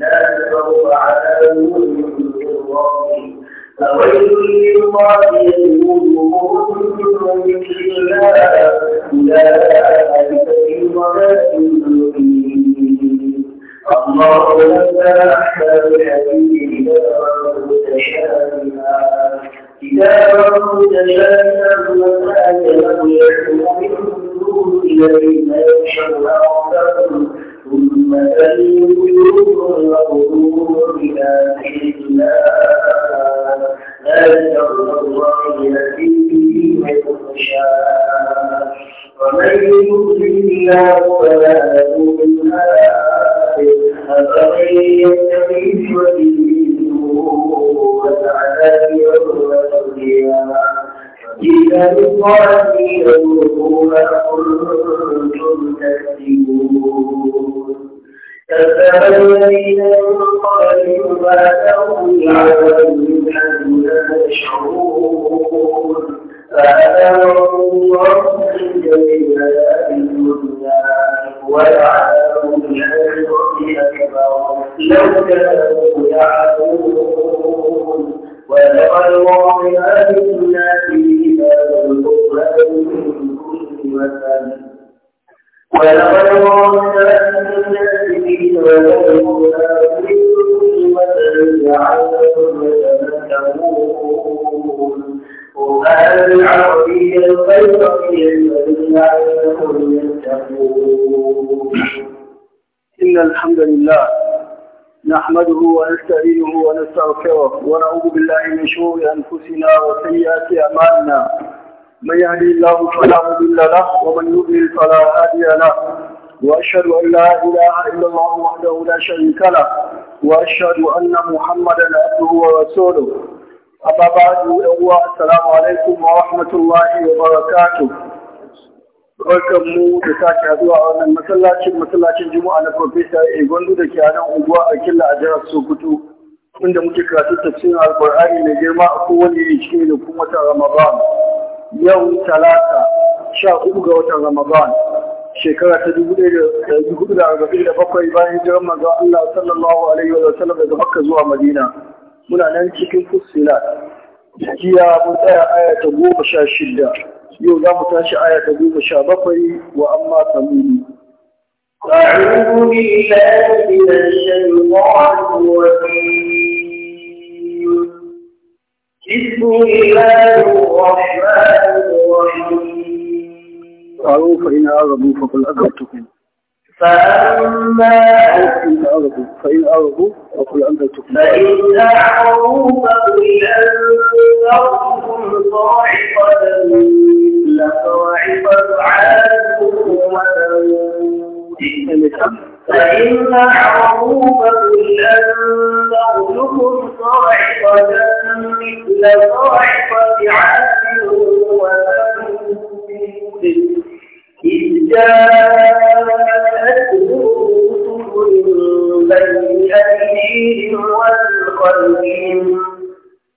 لا تخوف على نور فويل للطاغية نورهم بذكر الله أولئك في ضلال مبين الله نزل أحسن الحديث كتابا متشابها كتابا متشابها وآتى له يحكم من دون الذين يخشون أعظمهم ثم تلين قلوبهم وقلوبهم إلى ذكر الله ذلك هدى الله يهدي به من يشاء ومن يضلل الله فلا يضل أفمن يتقي بوجهه وسعى يوم القيامة إلا للظالمين ذوقوا كنتم تكسبون كذب الذين من قبلهم فاتهم لا يشعرون فأذاهم لا بالدنيا أكبر لو كانوا يعلمون وجعل وعيات الناس كتابا قرآن ولقد وعدنا الناس كتابا قرآن جعلهم يتذكرون قرآن العربي القيصري لعلهم يتقون إن الحمد لله نحمده ونستعينه ونستغفره ونعوذ بالله من شرور أنفسنا وسيئات أعمالنا من يهدي الله فلا مضل له ومن يضلل فلا هادي له وأشهد أن لا إله إلا الله وحده لا شريك له وأشهد أن محمدا عبده ورسوله أما بعد السلام عليكم ورحمة الله وبركاته barkan mu da sake haduwa a wannan masallacin masallacin juma'a na profesa a gwandu da ke nan unguwa a killa a jihar sokoto inda muke karatu tafsirin alkur'ani mai girma a kowane shi da kuma watan ramadan yau talata sha uku ga watan ramadan shekara ta dubu ɗaya da dubu da arba'in da bakwai bayan hijirar manzon allah sallallahu alaihi wa sallam daga makka zuwa madina muna nan cikin fusilat jiya mun tsaya aya ta goma sha shida yau za mu tashi aya ta goma sha bakwai wa amma samuni أعوذ بالله من الشيطان الرجيم بسم الله الرحمن الرحيم قالوا فإن أعظموا فقل أدركتكم فأما فإن أرضوا فإن أرضوا فقل أنت تكفر فإن أعرضوا فقل أنذرتكم صاعقة مثل صاعقة فإن أعرضوا صاعقة مثل صاعقة وثمود إذ جاءتهم رسل بني أيديهم ومن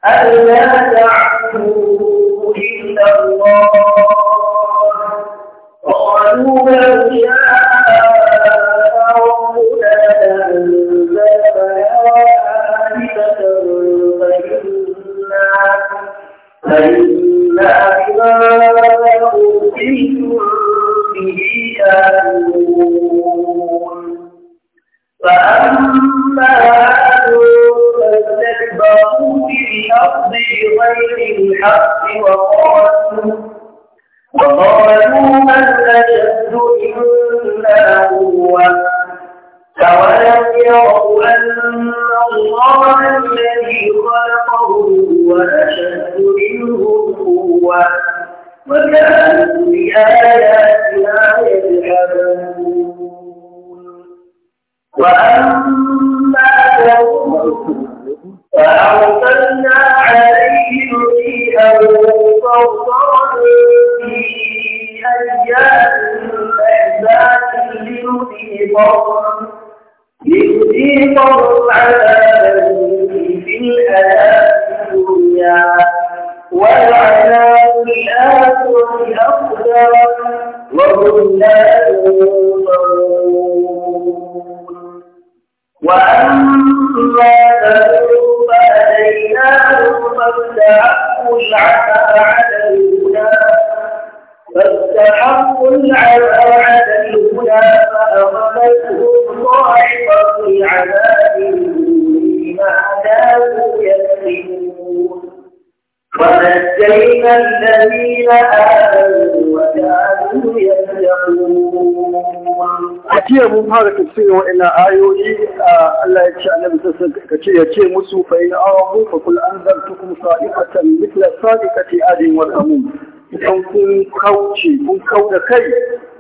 ألا تعبدوا إلا الله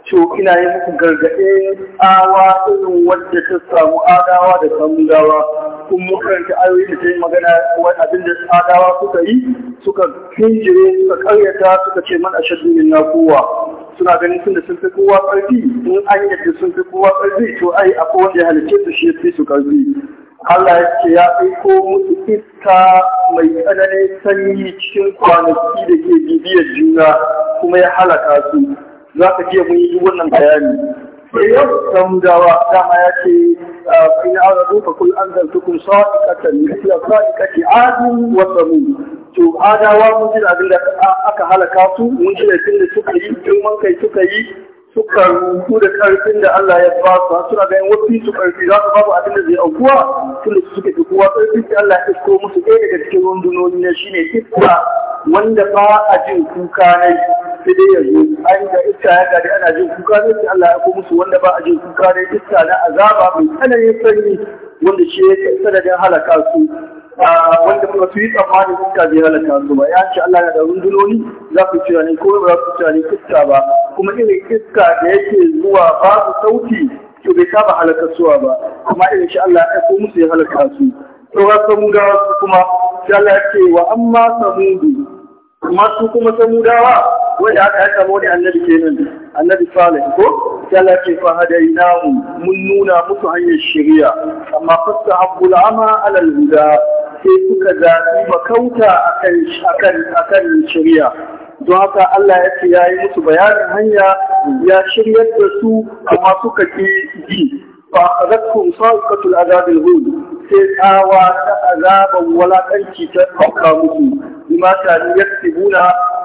to ina yi muku gargaɗe awa irin wadda ta samu adawa da samun samudawa kun makaranta ayoyi da ta yi magana wani abin da adawa suka yi suka kinjire suka karyata suka ce man ashaddu dunin na kowa suna ganin sun da sun fi kowa ƙarfi in an yadda sun fi kowa ƙarfi to ai akwai wanda ya halice su shi fi su ƙarfi Allah ya ce ya aiko musu iska mai tsananin sanyi cikin kwanaki da ke bibiyar juna kuma ya halaka su za ka je mun yi wannan bayani sai eh, yau samudawa dama ya ce ah, in arabu fa kul anzaltukum ya mithla sa'iqati adu wa samud to adawa mun ji abin da aka halaka su mun ji da suka yi mun kai suka yi suka da karfin da Allah ya ba su suna ganin wasu su karfi za su babu abin da zai aukuwa tun da suke da kowa karfin da Allah ya isko musu ɗaya daga cikin rundunoni na ne iska wanda ba a jin kuka ne sai dai yanzu an da iska ya gari ana jin kuka ne sai Allah ya ko musu wanda ba a jin kuka ne iska na azaba mai tsananin sanyi wanda shi ya sanadin halaka su wanda kuma su yi tsammanin iska zai halatta su ba ya ce Allah na da rundunoni za ku ci ne ko ba ku ci ne ba kuma irin iska da yake zuwa ba su sauti to bai saba halatta suwa ba kuma irin shi Allah ya ko musu ya halaka su to ga kuma Allah ya ce wa amma samudu amma su kuma dawa? wanda aka aika mu da annabi kenan annabi salih ko Yalla ce fa hadainahu mun nuna musu hanyar shari'a amma fastahabbu al'ama ala al-huda sai suka zaɓi makauta akan akan akan shari'a don haka Allah ya ce yayi musu bayanin hanya ya shiryar da su amma suka ki ji fa akhadhatkum sa'iqatul azabil hud sai tsawa ta azaban walakanci ta ɗauka musu bima ta ni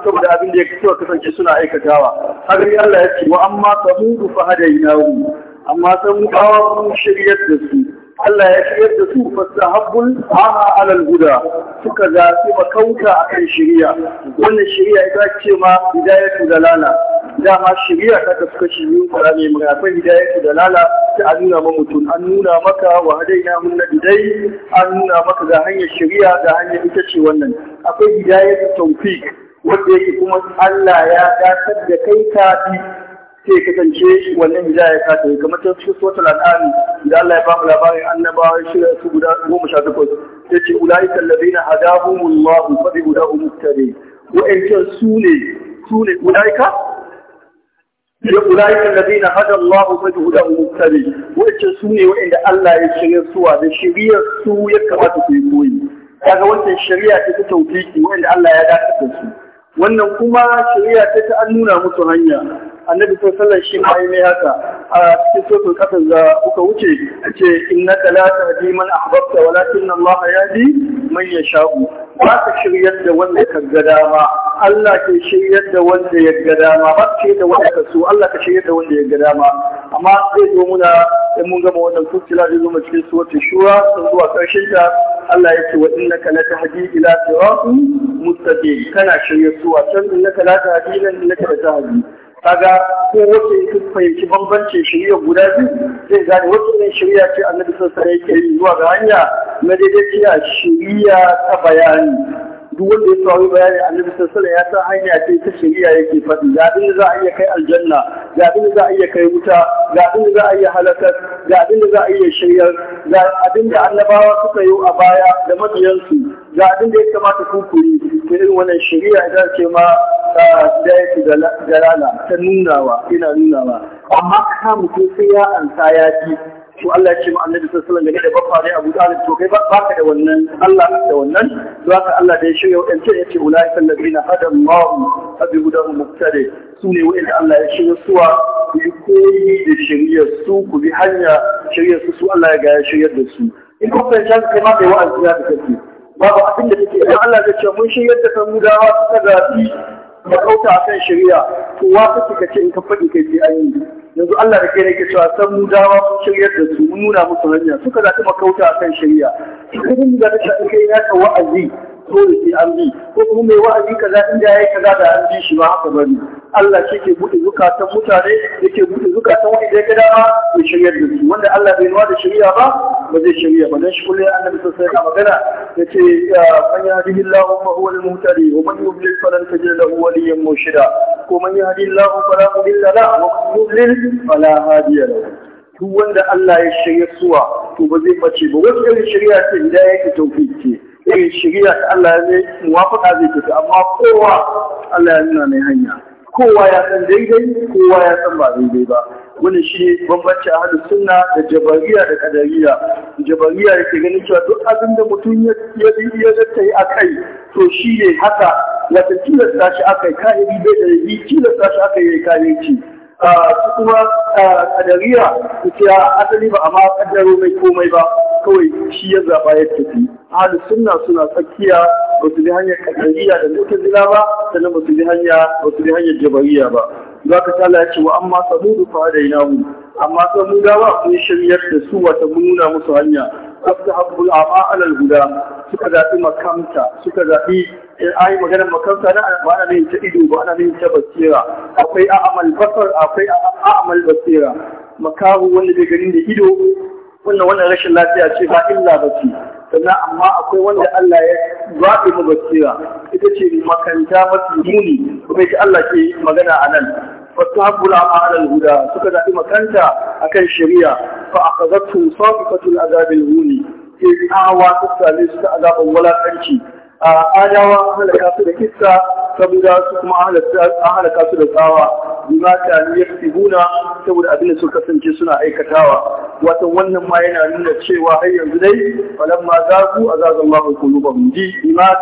saboda abin da ya kaso kasance suna aikatawa har Allah ya ce wa amma samudu fa hadainahu amma samudawa mun shiryar da su Allah ya shirya da su fastahabbul ama alal guda suka zafi makauta kan shiriya wannan shiriya ita ce ma hidayatu dalala dama shiriya ta ta suka shiryu Qur'ani mai akwai hidayatu dalala ta nuna ma mutum an nuna maka wa hadaina mun bidai an nuna maka ga hanyar shiriya ga hanyar ita ce wannan akwai hidayatu tawfiq wanda yake kuma Allah ya datar da kai ka sai kasance wannan hijira ya kata kamar ta cikin suratul al'ami da Allah ya ba mu labarin annabawa shirya su guda goma sha takwas ya ce na ulaika alladhina hadahumullahu fa bi hudahum muhtadi wa'ancan su ne su ne ulaika ya ulaika alladhina hadallahu fa bi hudahum muhtadi wa'ancan su ne wa'anda Allah ya shirya suwa da shiriyar su ya kamata su yi koyi kaga wannan shari'a ta tauhidi wa'anda Allah ya dace da su wannan kuma shari'a ta ta an nuna musu hanya annabi sallallahu alaihi shi ma yi mai haka a cikin suratul qasas da kuka wuce a ce in innaka la tahdi man ahbabta walakin Allah yahdi man yasha'u ba ka shiryar da wanda ka ga dama Allah ke shiryar da wanda ya ga dama ba ka shiryar da wanda ka so Allah ka shiryar da wanda ya ga dama amma zai zo muna in mun gama wannan fusila zai zo mu cikin suratul shura sun zuwa karshen ta Allah ya ce wa innaka la tahdi ila siratin mustaqim kana shirye zuwa can innaka la tahdi ila innaka la tahdi kaga ko wace ya fahimci bambancin shirya guda biyu zai gane wace ne shirya ce annabi sallallahu alaihi ke yi zuwa ga hanya na daidai shirya ta bayani duk wanda ya sauri bayani annabi sallallahu ya san hanya ce ta shari'a yake faɗi ga abin da za a iya kai aljanna ga abin da za a iya kai wuta ga abin da za a iya halakar ga abin da za a iya shiryar ga abin da annabawa suka yi a baya da mabiyansu ga abin da ya kamata ku ku yi ta irin wannan shari'a ita ce ma da yake galala ta nunawa ina nunawa amma ka mutum sai ya ansa ya ji to Allah ya ce mu annabi sallallahu alaihi wasallam da bafa ne Abu Talib to kai ka da wannan Allah da wannan to haka Allah da ya shirya wadance ya ce ulai sallabina hada Allah abi bi hudahu su ne wanda Allah ya shirya suwa ku yi koyi da shiryar su ku bi hanya shiryar su su Allah ya ga ya shiryar da su in ku fahimta kai ma bai wa'azi da kake babu abin da take Allah zai ce mun shiryar da kan mudawa suka zafi da ɗauka a kan shari'a to wa kake ka ce in ka faɗi kai sai an yi yanzu Allah da kai ne ke cewa san mu dawa mun shiryar da su mun nuna musu hanya suka zaɓi makauta a kan shari'a idan da ta kai na ka wa'azi ko sai an bi ko kuma mai wa'azi kaza in da yayi kaza da an bi shi ba haka bane Allah shi ke buɗe zukatan mutane yake buɗe zukatan wani da ya gada ba bai shirya da su wanda Allah bai nuna da shirya ba ba zai shirya ba dan shi kullum annabi sallallahu alaihi wasallam magana ya man yahdihillahu fa huwa al-muhtadi wa man yudlil falan tajid lahu waliyyan murshida ko man yahdihillahu fala mudilla lahu wa man yudlil fala hadiya lahu duk wanda Allah ya shirya suwa to ba zai bace ba wasu irin shirya ce idan yake tauhid ce irin eh, shirya da Allah ya ne muwafaka zai tafi amma kowa Allah ya nuna mai hanya kowa ya san daidai kowa ya san ba daidai ba wani shi bambanci a hadu sunna da jabariya da kadariya jabariya da ke ganin cewa duk abin da mutum ya ya yi a kai to shi ne haka wata tilasta shi aka yi ka'iri bai da rabi tilasta shi aka yi ka'irci su kuma kadariya su ce asali ba amma kaddaro mai komai ba kawai shi ya zaba ya tafi ahlus sunna suna tsakiya ba su bi hanyar kadariya da mu'tazila ba sannan ba su bi ba su bi hanyar jabariya ba Za ka tala ya ce wa amma sabudu fa namu amma sai mun gawa mun shiryar da su wata mun nuna musu hanya kafta habbul ama alal huda suka zaɓi makamta suka zaɓi in eh, ai magana makamta na ba ana yin ta ido ba ana yin ta basira akwai a'mal basar akwai a'mal basira makahu wanda bai gani da ido wannan wannan rashin lafiya ce ba illa ba ce sannan amma akwai wanda Allah ya zaɓi mu basira ita ce makanta mafi muni kuma ita Allah ke magana a nan فاستحبوا العمى على الهدى فقد أئم كنت أكن شريعة فأخذته صافقة العذاب الهوني إذ أعوى تسالي استعذاب ولا A adawa halaka su da kissa saboda su kuma halaka su da tsawa bima kanu yaktibuna saboda abin da suka kasance suna aikatawa wato wannan ma yana nuna cewa har yanzu dai falamma zaku azaza Allahu qulubahum ji bima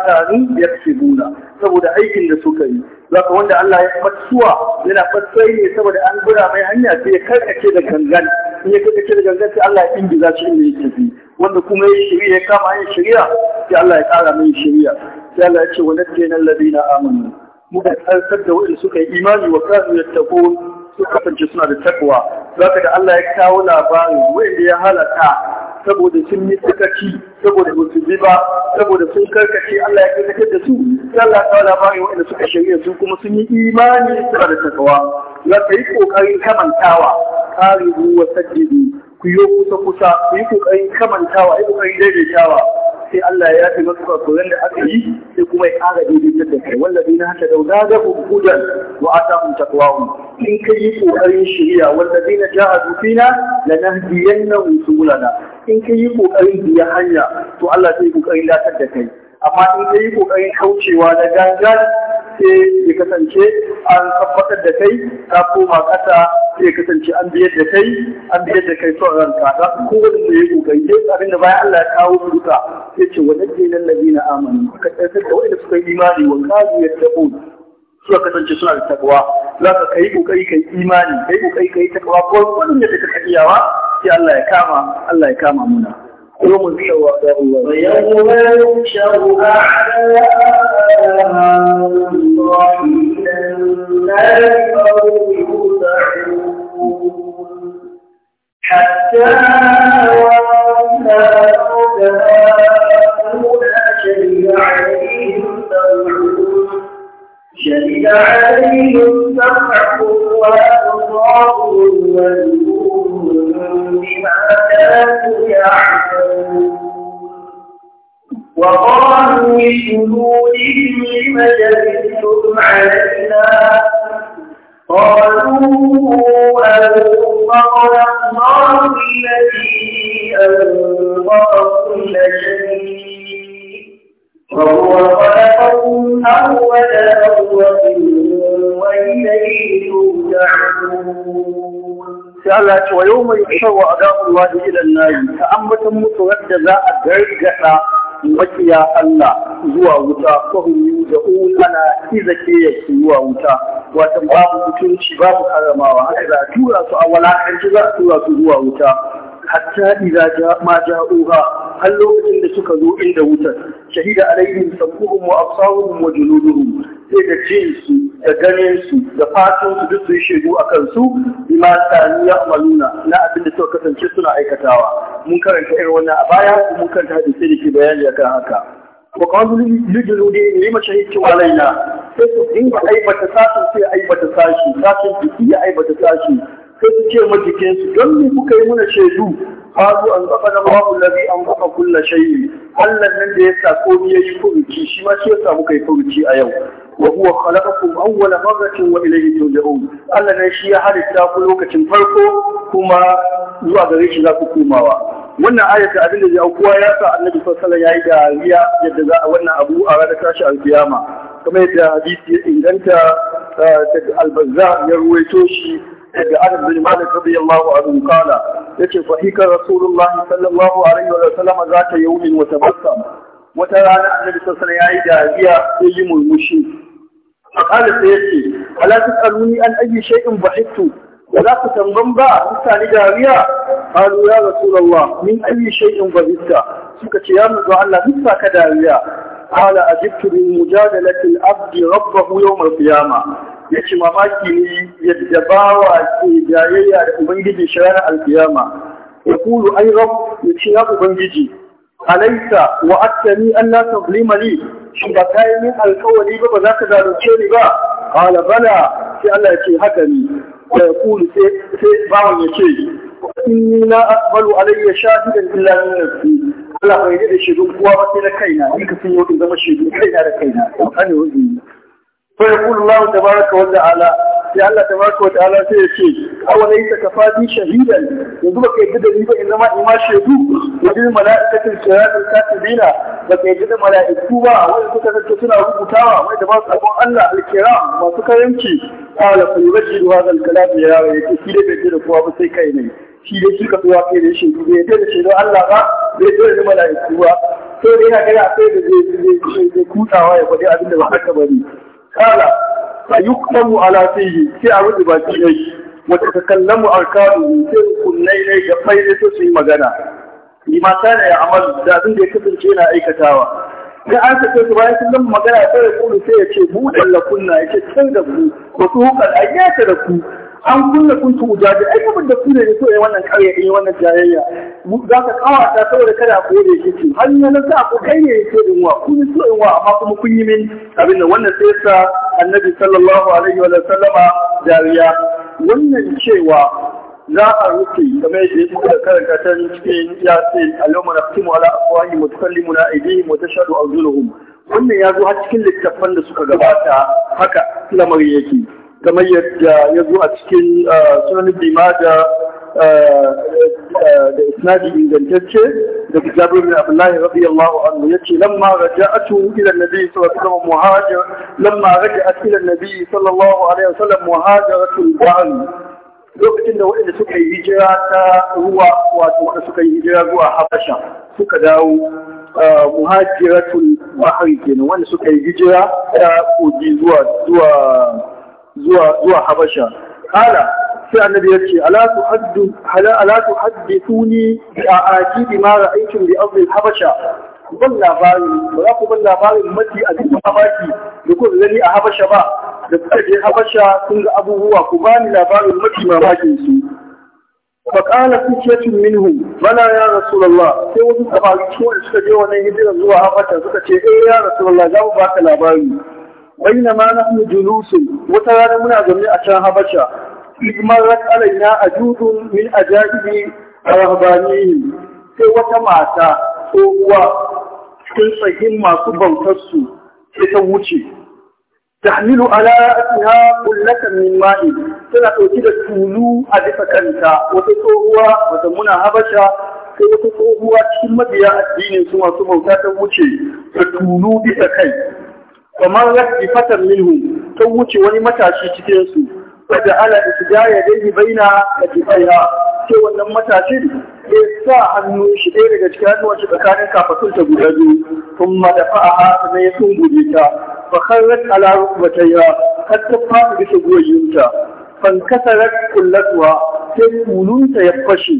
saboda aikin da suka yi zaka wanda Allah ya matsuwa yana fatsai ne saboda an gura mai hanya sai ya karkace da gangan in ya karkace da gangan sai Allah ya ingiza shi inda yake tafi wanda kuma ya shirya ya kama hanyar shirya sai Allah ya kara mai shirya sai Allah ya ce wa nadjina alladhina amanu muka tsarkar da wanda suka yi imani wa kanu tabo suka kasance suna da takwa zaka da Allah ya kawo labarin wanda ya halaka saboda sun yi sakaci saboda ba su ba saboda sun karkace Allah ya karkace da su Allah ta wala ba wanda suka shari'a su kuma sun yi imani suka da takawa la kai yi kokarin kamantawa karibu wa sajjidu ku yi kusa kusa ku yi kokarin kamantawa yi kokarin daidaitawa sai Allah ya yafe masu kakuran da aka yi sai kuma ya ƙara daidaita da kai wallafi na haka da za ga hukudan wa atahum taqwahum in ka yi ƙoƙarin shirya wallafi na ja'a dufina lanahdiyannahu in ka yi ƙoƙarin biya hanya to Allah zai ƙoƙarin latar da kai amma in ka yi ƙoƙarin kaucewa da gangan sai ya kasance an tabbatar da kai ka koma ƙasa sai ya kasance an biyar da kai an biyar da kai son ranka za ku kowane da ya ƙoƙari dai abin da bayan Allah ya kawo duka sai ce wa dajjalin na amanu ka tsarkar da wanda suka yi imani wa kazu ya tabo suka kasance suna da takwa za ka kai kokari kai imani kai kokari kai takwa ko gudun da kake iyawa sai Allah ya kama Allah ya kama muna يوم يشهر ويوم يحشر أعداء الله إلى النار فهم يوزعون حتى babu karamawa haka za a tura su a walakanci za a tura su zuwa wuta hatta idza ma ja'uha har lokacin da suka zo inda wutar shahida alaihim sam'uhum wa absaruhum wa juluduhum sai da jin su da ganin su da fatan su duk su yi a kansu bima sani ya amaluna na abin da suka kasance suna aikatawa mun karanta irin wannan a baya mun karanta hadisi da ke bayani akan haka wa qalu lijuludi lima shahidtu alaina sai su dinga aibata sashin sai aibata sashi sashin su iya aibata sashi sai su ce ma jikinsu don me kuka yi mana shaidu qalu an qafana Allahu an anfaqa kulla shay'in Allah nan da ya sa komai yayi furuci shi ma shi ya sa muka yi furuci a yau wa huwa khalaqakum awwala marratin wa ilayhi turja'un Allah ne shi ya halitta ku lokacin farko kuma zuwa gare shi za ku komawa wannan ayata abin da ya aukuwa ya sa annabi sallallahu alaihi wasallam yayi dariya yadda za a wannan abu a ranar tashi alkiyama kamar yadda hadisi ya inganta daga albazza ya ruwaito shi daga Anas bin Malik radiyallahu yace fa hika rasulullahi sallallahu alaihi wa sallam wata rana annabi sallallahu alaihi wasallam yayi dariya ya yi murmushi qala sai yace ala tasaluni an ayi shay'in bahittu da za ku tambam ba mutane dariya qalu ya rasulullah min ayi shay'in bahitta suka ce ya manzo Allah bisa ka dariya qala ajibtu bi mujadalati al-abdi rabbahu yawm al yace mamaki ne yadda bawa ke jayayya da ubangiji shi ranar al-qiyama yaqulu ay rabb yace ya ubangiji alaisa wa attani an la tazlima li shin ba kai min alkawari ba ba za ka zalunce ni ba qala bala sai Allah ya ce haka ne ya kulu sai sai bawon ya ce inni la aqbalu alayya shahidan illa min nafsi Allah bai da shirin kuwa ba sai na kaina in ka sun yau in zama shedun kaina da kaina kan ne fa yaqulu Allah tabaraka wa ta'ala sai Allah tabaraka wa ta'ala sai ya ce aw laysa kafadi shahidan yanzu baka yadda da ni ba in zama ima shaidu wajen mala'ikatin siratul katibina baka yadda da mala'iku ba wanda suka zanto suna rubutawa da ba su abun Allah alkiram masu karanci qala fa yubashiru hadha alkalam ya rawi yake shi da bai da kowa ba sai kai ne shi dai shi ka zuwa kai da shi bai yadda da shaidun Allah ba bai yadda da mala'iku ba sai dai yana gani a sai da zai kutawa ya faɗi abin da ba bari kala fa mu ala fihi sai a rubuta baki ne wata takallamu arkanu sai kunnai ne ga fayyade su yi magana ni ma ya amalu da abin da ya kasance na aikatawa sai an sake su bayan sun zama magana sai ya kulu sai ya ce buɗe lakunna ya ce kai da ku Wasu su hukar ayyata da ku an kunna kuntu Ujaje. ai kuma da kune ne so yayi wannan kare yayi wannan jayayya za ka kawata saboda kada ku yi shi ce har nan sa ku kai ne ce din wa kun so in wa amma kuma kun yi min abin da wannan sai sa annabi sallallahu alaihi wa sallama jariya wannan cewa za a rufe kamar yadda ya kuka karanta ta cikin yasin al-yawma naqtimu ala afwahihim wa tukallimuna aydihim wa tashhadu arjuluhum wannan ya zo har cikin littattafan da suka gabata haka lamarin yake kamar yadda ya zo a cikin sunan bima da da isnadi ingantacce da jabir bin abdullahi radiyallahu anhu yace lamma raja'atu ila nabi sallallahu alaihi wasallam muhajir lamma raja'at ila nabi sallallahu alaihi wasallam muhajiratul ba'l lokacin da waɗanda suka yi hijira ta ruwa wato wanda suka yi hijira zuwa habasha suka dawo muhajiratul bahri kenan wanda suka yi hijira ta kogi zuwa zuwa zuwa habasha kala sai annabi ya ce ala suni ala a bi aajibi ma ra'aytum bi ardi habasha ban labari ba za ku ban labarin mafi a cikin habaki da kuma gani a habasha ba da suka je habasha sun ga abubuwa ku bani labarin mafi mamakin su فقال فتية منهم بلى ya rasu الله sai wasu sababi da suka je wannan hijirar zuwa Habasha suka ce eh ya Rasulullah za mu ka labari bainama nahnu julusun wata rana muna zaune a can habasha iz marrat alaina ajudun min ajaibi rahbaniyyin sai wata mata uwa cikin tsahin masu bautar su sai ta wuce tahmilu ala ra'atiha kullatan min ma'i tana dauki da tulu a bisa kanta wata tsohuwa wata muna habasha sai wata tsohuwa cikin mabiya addinin su masu bauta ta wuce da tulu bisa kai kamar rafi fatar minhu ta wuce wani matashi cikin su wadda ala ya dai baina da kibaya. sai wannan matashin ya sa hannu shi ɗaya daga cikin hannuwan shi tsakanin kafatun ta guda biyu kun madafa a hasa ya sun guje ta fa kharrat ala rukbatayha har ta bisa goyinta fan kasarat kullatuwa sai kulunta ya fashe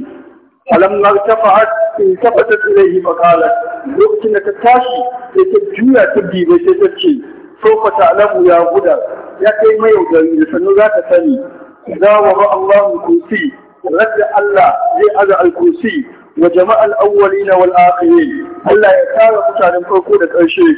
falamma tafa'at tafatat ilayhi fa lokacin da ta tashi sai ta juya ta dibe sai ta ce ta'lamu ya guda ya kai mai yaudari da sannu za ta sani za wa ba Allahu kursi radda Allah zai aza al-kursi wa jama'al awwalina wal akhirin Allah ya tara mutanen farko da ƙarshe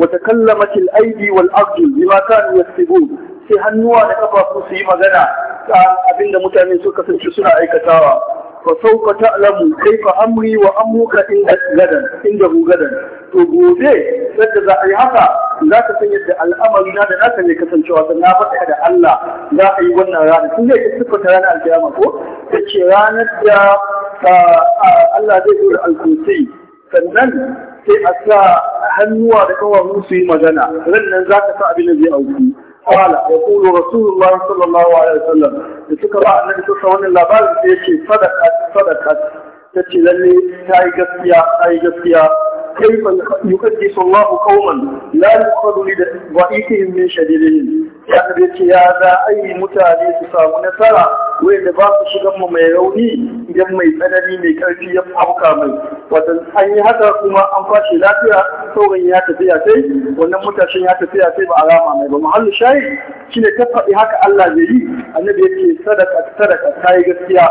wa takallamat al-aidi wal arjul bima kanu yaktubun sai hannuwa da kafafu su yi magana ta abinda mutane suka kasance suna aikatawa فسوف تعلم كيف أمري وأمرك عند غدا عنده غدا gobe yadda za a yi haka za ka san yadda al'amari da naka ne kasancewa da na faɗa da Allah za a yi wannan rana sun zai siffar ta ranar aljiyama ko Yake ranar da Allah zai zo da alkusai sannan sai a sa hannuwa da kawo su yi magana rannan za ka sa abin da zai auku قال يقول رسول الله صلى الله عليه وسلم يتكرى النبي صلى الله عليه وسلم لابد يشي صدقت صدقت تتي للي تاي قصيا تاي قصيا kai كيف يقدس الله قوما لا يؤخذ لضعيفهم من شديدهم ya ce ya za a yi mutane su samu nasara wanda ba su shigan mu mai rauni idan mai tsanani mai karfi ya hauka mai watan an yi haka kuma an fashe lafiya sauran ya tafiya sai wannan mutashin ya tafiya sai ba alama mai ba muhallu shayi shine ta faɗi haka Allah zai yi annabi yake sadaka sadaka ta yi gaskiya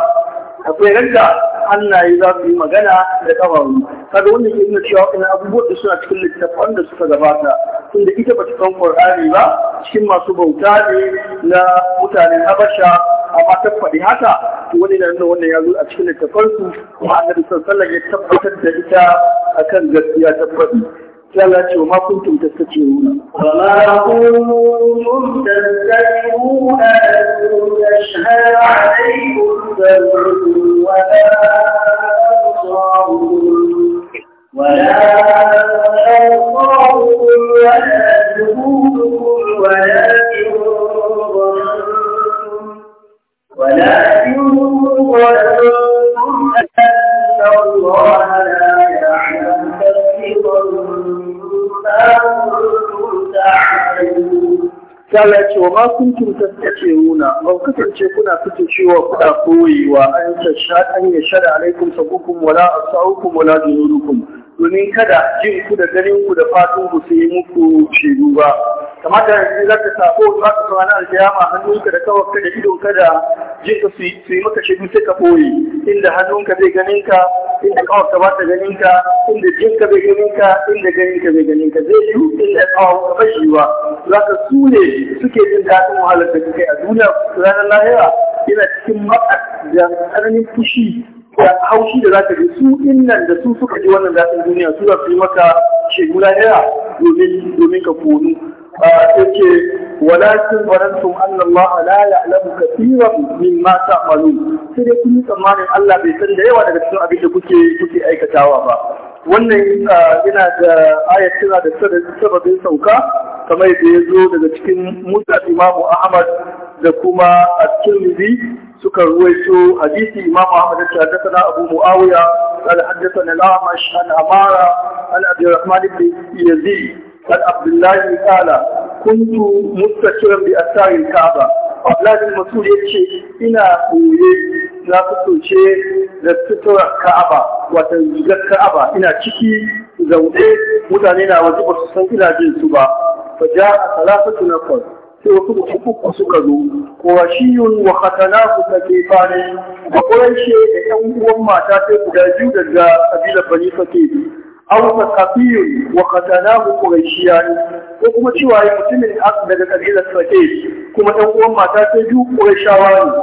akwai yadda hannaye za su yi magana da kafafu kaga wannan ke nuna cewa wannan abubuwan da suna cikin littafan da suka gabata tunda ita ba ta san ba cikin masu bauta ne na mutanen Habasha amma ta faɗi haka to wani na nuna wannan ya zo a cikin littafansu, kuma Annabi ya tabbatar da ita akan gaskiya ta يلا ما كنتم تستجيبون وما كنتم تستجيبون أن يشهد عليكم سر ولا أبصار ولا wa ma kuntum tattaceuna ba kasance kuna fito cewa kuna koyewa an ya shada alaikum sabukum wala asaukum wala junurukum domin kada jin ku da ganin ku da fatan ku sai muku shiru ba kamata yanzu za ka sako za ka tsara na alkiyama hannunka da kawarka da idonka da jin ka su yi maka shiru sai ka boye inda hannunka zai ganin ka inda kawarka ba ta ganin ka inda jin ka zai ganin ka inda ganin ka zai ganin ka zai yi inda kawarka ba shi ba za ka su ne suke jin daɗin wahalar da kai a duniya ranar lahira yana cikin maƙa da tsananin fushi da haushi da za ka ji su innan da su suka ji wannan daɗin duniya su za su yi maka shegu yaya domin domin ka konu yake walakin na ya Allah la ya'lamu katiran mimma ta'malun sai dai kun yi tsammanin Allah bai san da yawa daga cikin abin da kuke kuke aikatawa ba wannan yana da ayat tana da sababin sauka kamar da ya zo daga cikin Musa imamu Ahmad da kuma at-Tirmidhi suka ruwaito hadisi Imam Ahmad da haddathana Abu Muawiya قال حدثنا الأعمش عن عمارة عن عبد الرحمن بن يزيد عن عبد الله قال كنت مستشرا بأثار الكعبة Abdullahi Masud ya ce ina koye na fitoce da sutura Ka'aba wata rigar Ka'aba ina ciki zaune mutane na waje ba su san ina jinsu ba fa ja'a salatu sai wasu mutum uku suka zo qurashiyun wa ke fare da quraishi da ƴan uwan mata sai guda biyu daga kabilar bani bi aw sakafiyun wa khatanahu ne. ko kuma cewa ya mutumin daga kabilar sakifi kuma ɗan uwan mata sai biyu quraishawa ne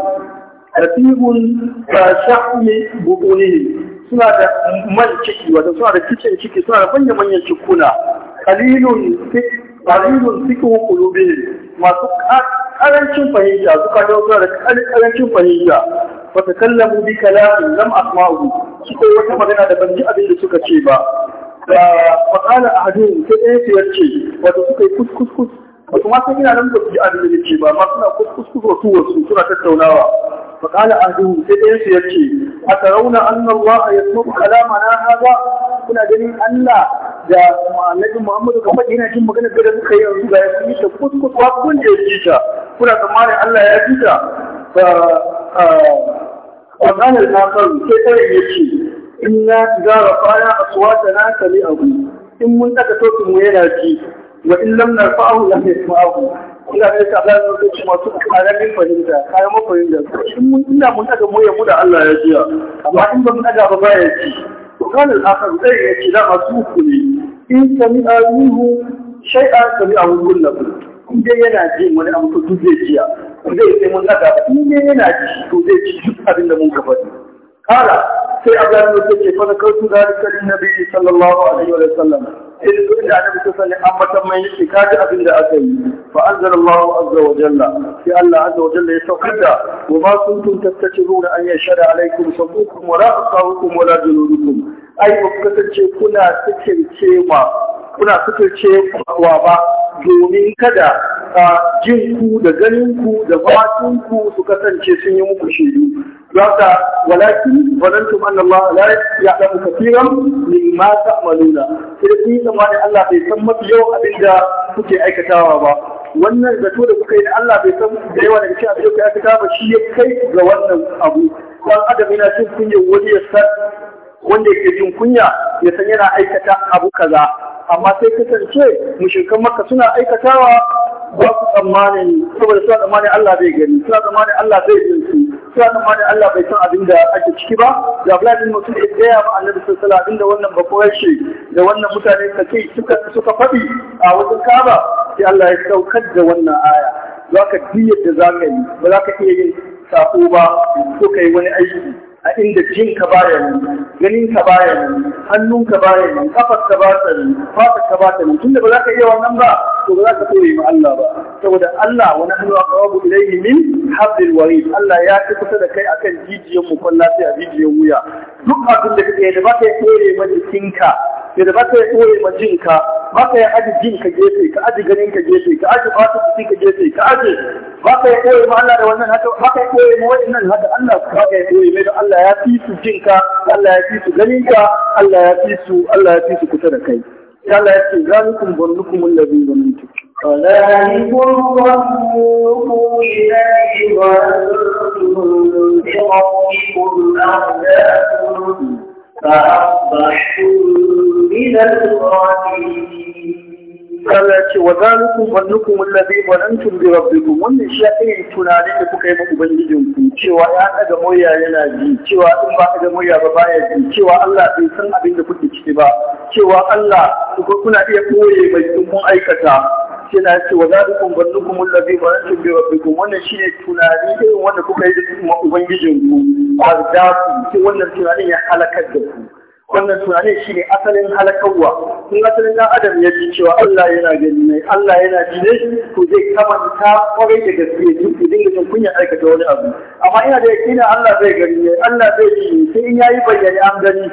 rafibun ka sha'mi bukuni suna da man ciki wata suna da kicin ciki suna da manya-manyan cikuna kalilun fiqhu qulubihim masu karancin fahimta suka dauka da karancin fahimta ba ta kallamu bi kalamin lam asma'u suka wata magana da ban ji abin da suka ce ba fa qala ahadun sai ɗaya ce wato suka yi kuskus ba kuma san ina nan da su ji abin da yake ba ma suna kuskuro su wasu suna tattaunawa fa qala ahduhu sai dai su yace atarawna anna Allah yasma'u kalamana hada kuna ganin Allah da Annabi Muhammad ga yana jin magana da suka yi yanzu ga ya yi ta kuskuro ba kun da kuna tsammanin Allah ya ji ta الآخر كيف يجي إنا إذا رفعنا أصواتنا سمعه in mun daga tokin mu yana ji wa in lam narfa'ahu lam yasma'ahu ina ne ka Allah ne ce masu karamin fahimta kai mu fahimta in mun ina mun daga mu yamu da Allah ya jiya amma in ba mun daga ba ba ya ci kana al-akhar sai ya ci da masu kuli in sami aruhu shay'a sami aruhu kullu in dai yana ji wani abu to zai jiya zai sai mun daga in dai yana ji to zai ci duk abin da mun ka faɗi kala sai Allah ne ce fa na kautu zalika lin nabi sallallahu alaihi wa sallam sai da duk da annabi sallallahu alaihi wasallam ambatan mai yake kaji abin da aka yi fa anzalallahu azza wa jalla sai Allah azza wa jalla ya saukar da wa ma kuntum tattajiruna an yashara alaikum sabukum wa ra'asakum wa la junudukum ai ba kasance kuna cikircewa kuna cikircewa ba domin kada ku da ganin ku da ku su kasance sun yi muku shiru Zaka walakin walantum anna Allah la ya'lamu kaseeran mimma ta'maluna. Sai kun yi tsammani Allah bai san mafi yawan abin da kuke aikatawa ba. Wannan zato da kuka yi da Allah bai san da yawa daga cikin abin da kuke aikata ba shi ya kai ga wannan abu. Kwan adam yana cin kunya wani ya san wanda yake jin kunya ya san yana aikata abu kaza. Amma sai kasance mushrikan Makka suna aikatawa ba su tsammanin saboda suna tsammanin Allah zai gani suna tsammanin Allah zai jin su suna tsammanin Allah bai san abin da ake ciki ba da Abdullahi bin Mas'ud ya gaya ma Annabi sallallahu alaihi wannan ba wannan shi da wannan mutane take suka suka faɗi a wajen Kaaba sai Allah ya saukar da wannan aya zaka yadda da ka yi ba ka iya yin sako ba ko yi wani aiki a inda jinka baya nan ganinka baya nan hannunka baya nan kafarka ba ta nan fatarka ba ta nan tunda ba za ka iya wannan ba to ba za ka koyi ma Allah ba saboda Allah wani hannu a kawabu ilaihi min hablil warid Allah ya ci kusa da kai akan jijiyan mu kwalla a jijiyan wuya duk abin da kake da ba ka koyi ma jikinka yadda ba ka yi ɓoye ma jinka ba ka yi aji jinka gefe ka aji ganin ka gefe ka aji ba ka gefe ka aji ba yi ɓoye ma Allah da wannan haka ba yi ɓoye ma wannan haka Allah ba yi ɓoye mai da Allah ya fi su jinka Allah ya fi su ganinka Allah ya fi su Allah ya fi su kusa da kai Allah ya ce zalikum bunnukum allazi zamantum فذلكم ظنكم الذي ظننتم بربكم أرداكم فأصبحوا من الغافلين Allah ya ce wa zalikum wannukum allazi walantum bi rabbikum wannan shi ne tunanin da kuka yi ma ubangijin ku cewa ya daga moya yana ji cewa in ba daga moya ba baya ji cewa Allah bai san abin da kuke ciki ba cewa Allah kuna iya koye mai in mun aikata yana ce wa zalikum zannukum allazi zanantum bi rabbikum wannan shi shine tunanin da wanda kuka yi da ubangijinku ku har da ku wannan tunanin ya halakar da ku wannan tunanin shi ne asalin halakarwa in asalin ɗan adam ya ji cewa Allah yana gani ne Allah yana ji ne to zai kamanta kwarai da gaske duk da dinga jin kunya aikata wani abu amma ina da yakina Allah zai gani ne Allah zai ji sai in yayi bayani an gani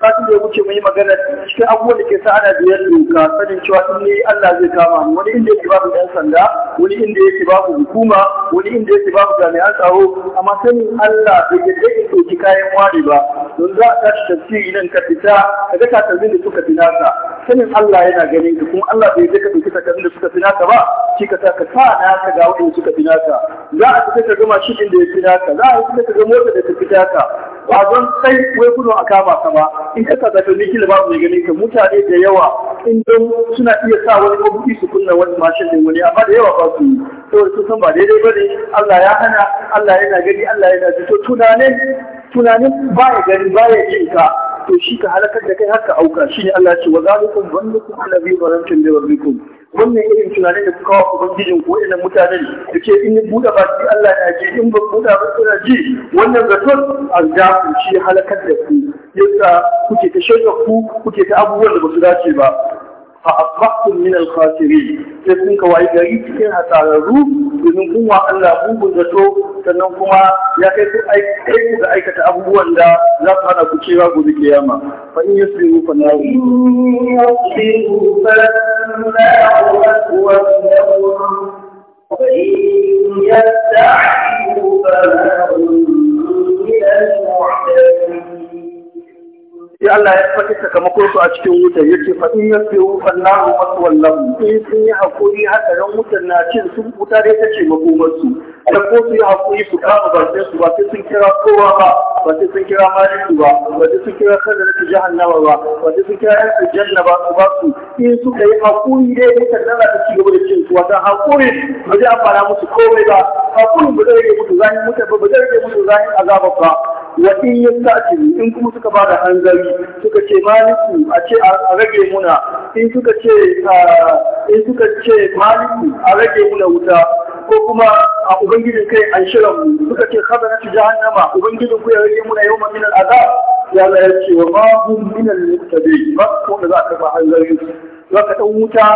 kafin da ya wuce mun yi magana cikin abubuwan da ke sa ana biyar doka sanin cewa in ne Allah zai kama mu wani inda yake babu ɗan sanda wani inda yake babu hukuma wani inda yake babu jami'an tsaro amma sanin Allah bai yadda in ɗauki kayan wari ba don za a tashi tafsiri nan ka fita ka ga takardun da suka fi naka sanin Allah yana ganin ka kuma Allah bai je ka ɗauki takardun da suka fi naka ba shi ka sa ka sa ka ga wani suka fi naka za a fita ka gama shi inda ya fi naka za a fita ka ga mota da ta fi naka ba don kai wai a kama ka in ka kasa zafi ni ba mai ganin ka mutane da yawa in don suna iya sa wani mabuki su kunna wani mashin ne wani amma da yawa ba su yi saboda su san ba daidai ba ne Allah ya hana Allah yana gani Allah yana ji to tunanin ba ya gani ba ya jin ka to shi ka halakar da kai haka auka shine Allah ya ce wa zalikum bannukum allazi zalamtum bi rabbikum wannan irin tunanin da kuka wa ubangijin ko irin mutanen da ke in buɗe baki Allah ya ji in ba buɗe ba suna ji wannan zaton an ga ku shi halakar da ku yadda kuke ta shirya ku kuke ta abubuwan da ba su dace ba fa asbahtum min al-khasirin sai kun ka wayi gari cikin hasararru domin kun wa Allah mugun zato sannan kuma ya kai ku aiki da aikata abubuwan da za su hana ku cewa gobe kiyama fa in yusbiru fa na in yusbiru fa na wa wa in yasta'iru fa na min al-mu'tadin sai Allah ya faɗi sakamakon su a cikin wutar yace ya in yasiru fallahu maswal lahum in sun yi hakuri haka nan wutar na cin sun wuta dai tace makomar su da ko su yi hakuri su kama ba su ba sai sun kira kowa ba ba sai sun kira maliku ba ba sai sun kira kada ta jahannama ba ba sai sun kira yan janna ba su ba su in suka yi hakuri dai wutar nan ta ci gaba da cin su wata hakuri ba zai amfana musu komai ba hakuri ba zai rage musu zahin mutar ba ba zai rage musu yi azabar ba wa in yasta'tilu in kuma suka ba da hanzari suka ce maliku a ce a rage muna in suka ce ah, in suka ce maliku a rage muna wuta ko kuma a ubangijin kai an shirin mu suka ce kada na hannama, ubangijin ku ya rage muna yau ma minal aza? ya la yace wa ma hum minal mutabi ba ko da za ka ba hanzarin za ka dan wuta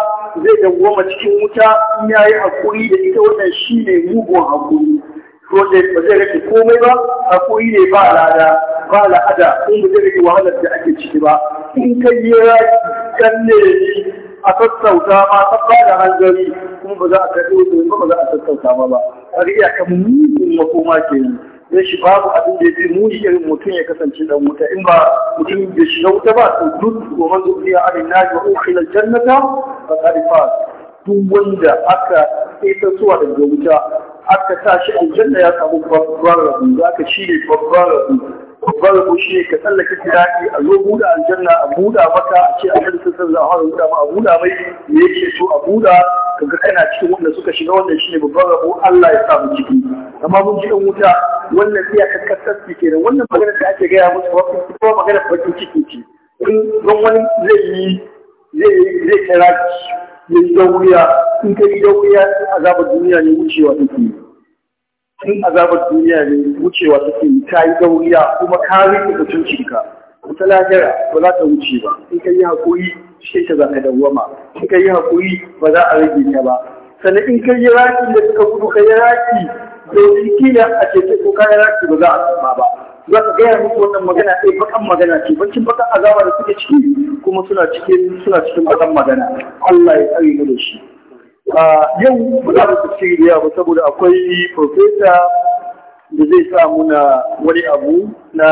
zai dawoma cikin wuta in yayi hakuri da ita wannan shine mugun hakuri Dole ba zai rage komai ba haƙoƙi ne ba lada ba la'ada in zai rage wahalar da ake ciki ba in kai yi raki kan ne a sassauta ma ta ba da hanzari kuma ba za a kai wasu ba za a sassauta ma ba a riya kan mugun makoma ke yi don shi babu abin da ya fi muni irin mutum ya kasance dan wuta in ba mutum da shiga wuta ba to duk wa man zubiya alin naji wa ukhila jannata fa duk wanda aka ta suwa daga wuta aka sa shi aljanna ya samu babbar rabu za ka shi ne babbar rabu babbar rabu shi ka tsallake kiraki a zo buɗe aljanna a buɗa maka a ce a kan sassan za a fara buɗa ma a mai me yake so a ka kaga kana cikin wanda suka shiga wannan shi ne babbar rabu Allah ya samu ciki amma mun ji wuta wannan sai aka kasance kenan wannan magana da ake gaya musu ba magana bakin ciki ciki in wani zai yi zai kira ya yi dauriya in ka yi dauriya in azabar duniya ne wucewa take yi in azabar duniya ne wucewa take yi ka yi dauriya kuma ka rike mutuncinka wata lahira ba za ta wuce ba in ka yi haƙuri shi ta za ka dawwama in ka yi haƙuri ba za a rage ta ba sannan in ka yi raki da suka gudu ka yi raki da kila a ce ko ka yi raki ba za a tsama ba za ka gaya musu wannan magana sai bakan magana ce bakin bakan azaba da suke ciki kuma suna cikin suna cikin bakan magana Allah ya tsare mu da shi yau ba za mu cikin da yawa saboda akwai profesa da zai sa muna wani abu na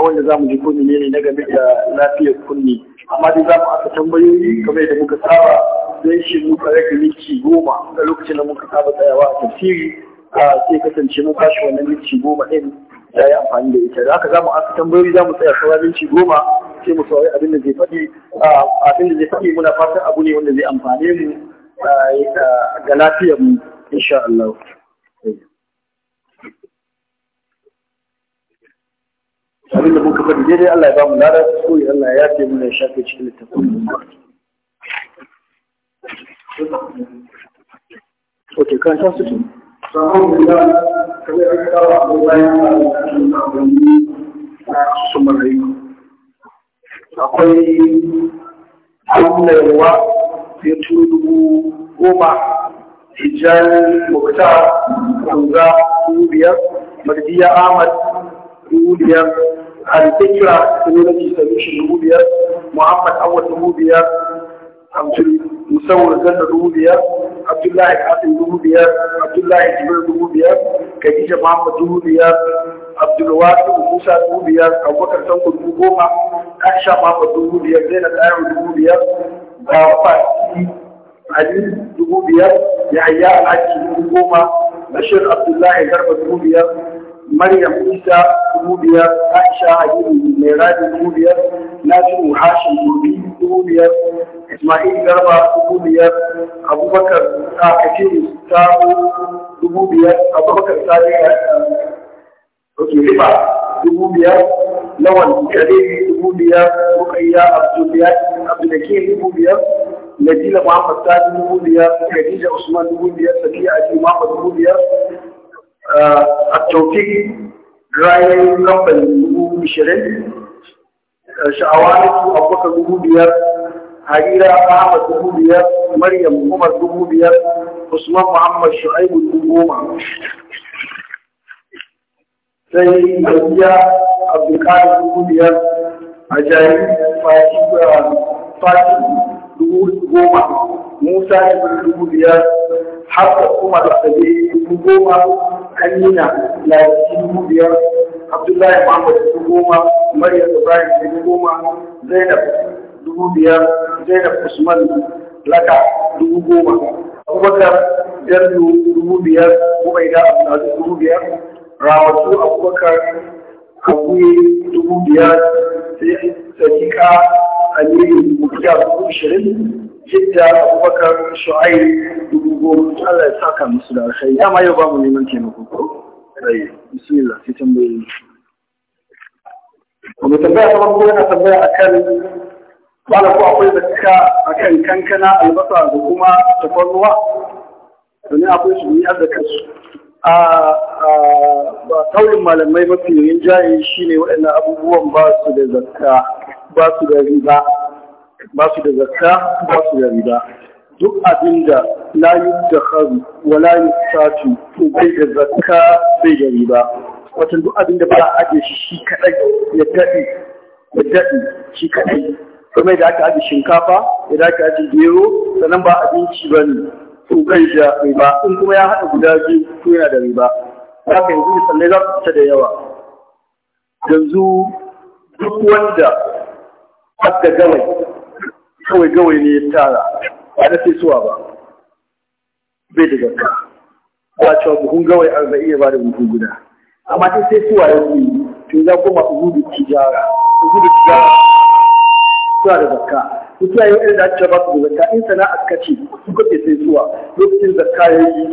wanda za mu ji ko ne na game da lafiyar kunni amma dai za mu aka tambayoyi kamar da muka saba zai shi muka rage miki goma a lokacin da muka saba tsayawa a tafsiri sai kasance mu kashi wannan minti goma ɗin ya yi amfani da ita da haka za mu aka tambayoyi za mu tsaya sauran ci goma sai mu saurari abin da zai faɗi abin da zai faɗi muna fatan abu ne wanda zai amfane mu ga lafiyar mu insha Allah abin da muka faɗi daidai Allah ya ba mu lada so ya Allah ya yafe mu ya shafe cikin littafin Okay, can I talk to you? فهم بالله كبير أكثر عبد الله يعمل ثم العيد أقول حمل الوقت يطلب قوة Tijjani Mukhtar Mardiya Ahmad Dubiyar al Community Solution Dubiyar Muhammad Awad Dubiyar Abdul Musawar Ganda Dubiyar abdullahi kasim dubu biyar abdullahi jibir dubu biyar kadija muhammad dubu biyar abdulwasu musa dubu biyar abubakar sanko dubu goma aisha muhammad dubu biyar zainab ayyar dubu biyar bawa ali dubu biyar yahaya alhaji dubu goma bashir abdullahi garba dubu biyar Maryam Isa dubu biyar, Aisha Hadiru mai rabi dubu biyar, Nasiru Hashim Gobi dubu biyar, Ismail Garba dubu biyar, Abubakar Kakashin Sabo dubu biyar, Abubakar Sani Oke Riba dubu biyar, Lawan Karebi dubu biyar, Rukaiya Abdullahi Abdullahi dubu biyar, Najila Muhammad Sani dubu biyar, Khadija Usman dubu biyar, Safiya Ake Muhammad dubu biyar, Uh, a taufik rayayin kamfani dubu ishirin uh, sha'awa su abubakar dubu biyar harira ahmad dubu biyar maryam umar dubu biyar usman muhammad shu'aibu dubu goma sai yajiya abdulkadir dubu biyar ajayi fati uh, dubu goma musa dubu biyar hafsa umar da dubu Amina Lati biyar, Abdullahi Muhammad dubu goma, Maryam Ibrahim dubu goma, Zainab dubu biyar, Zainab Usman Laka dubu goma, Abubakar Jardu dubu biyar, Ubaida Abdulaziz dubu biyar, Rawatu Abubakar Kabuye dubu biyar, sai Sadiqa Aliyu Mukhtar dubu jidda abubakar shu'ai dubu goma allah ya saka musu da alkhairi dama yau ba mu neman taimako ko rai bismillah sai tambayoyi kuma tambaya ta farko yana tambaya akan bala ko akwai zakka akan kankana albasa da kuma tafarnuwa domin akwai shi ni azzakar su a kaurin malamai mafi rinjaye shine waɗannan abubuwan ba su da zakka ba su da riba ba su da zakka ba su da riba duk abinda da yudkharu wa layu tatu to bai da zakka bai da riba wato duk abinda ba a ajiye shi shi kadai ya dadi ya dadi shi kadai kuma da aka ajiye shinkafa da aka ajiye gero sannan ba abinci bane to bai da riba in kuma ya hada guda biyu to yana da riba haka yanzu misalai za su fita da yawa yanzu duk wanda aka gawai kawai gawai ne ya tara ba sai suwa ba bai da zakka ba cewa buhun gawai zai ya ba da buhu guda amma sai sai suwa ya yi to za koma da tijara da tijara suna da zakka mutuwa yau irin da ake ba su da zakka in sana'a ka ce su kafe sai suwa lokacin zakka ya yi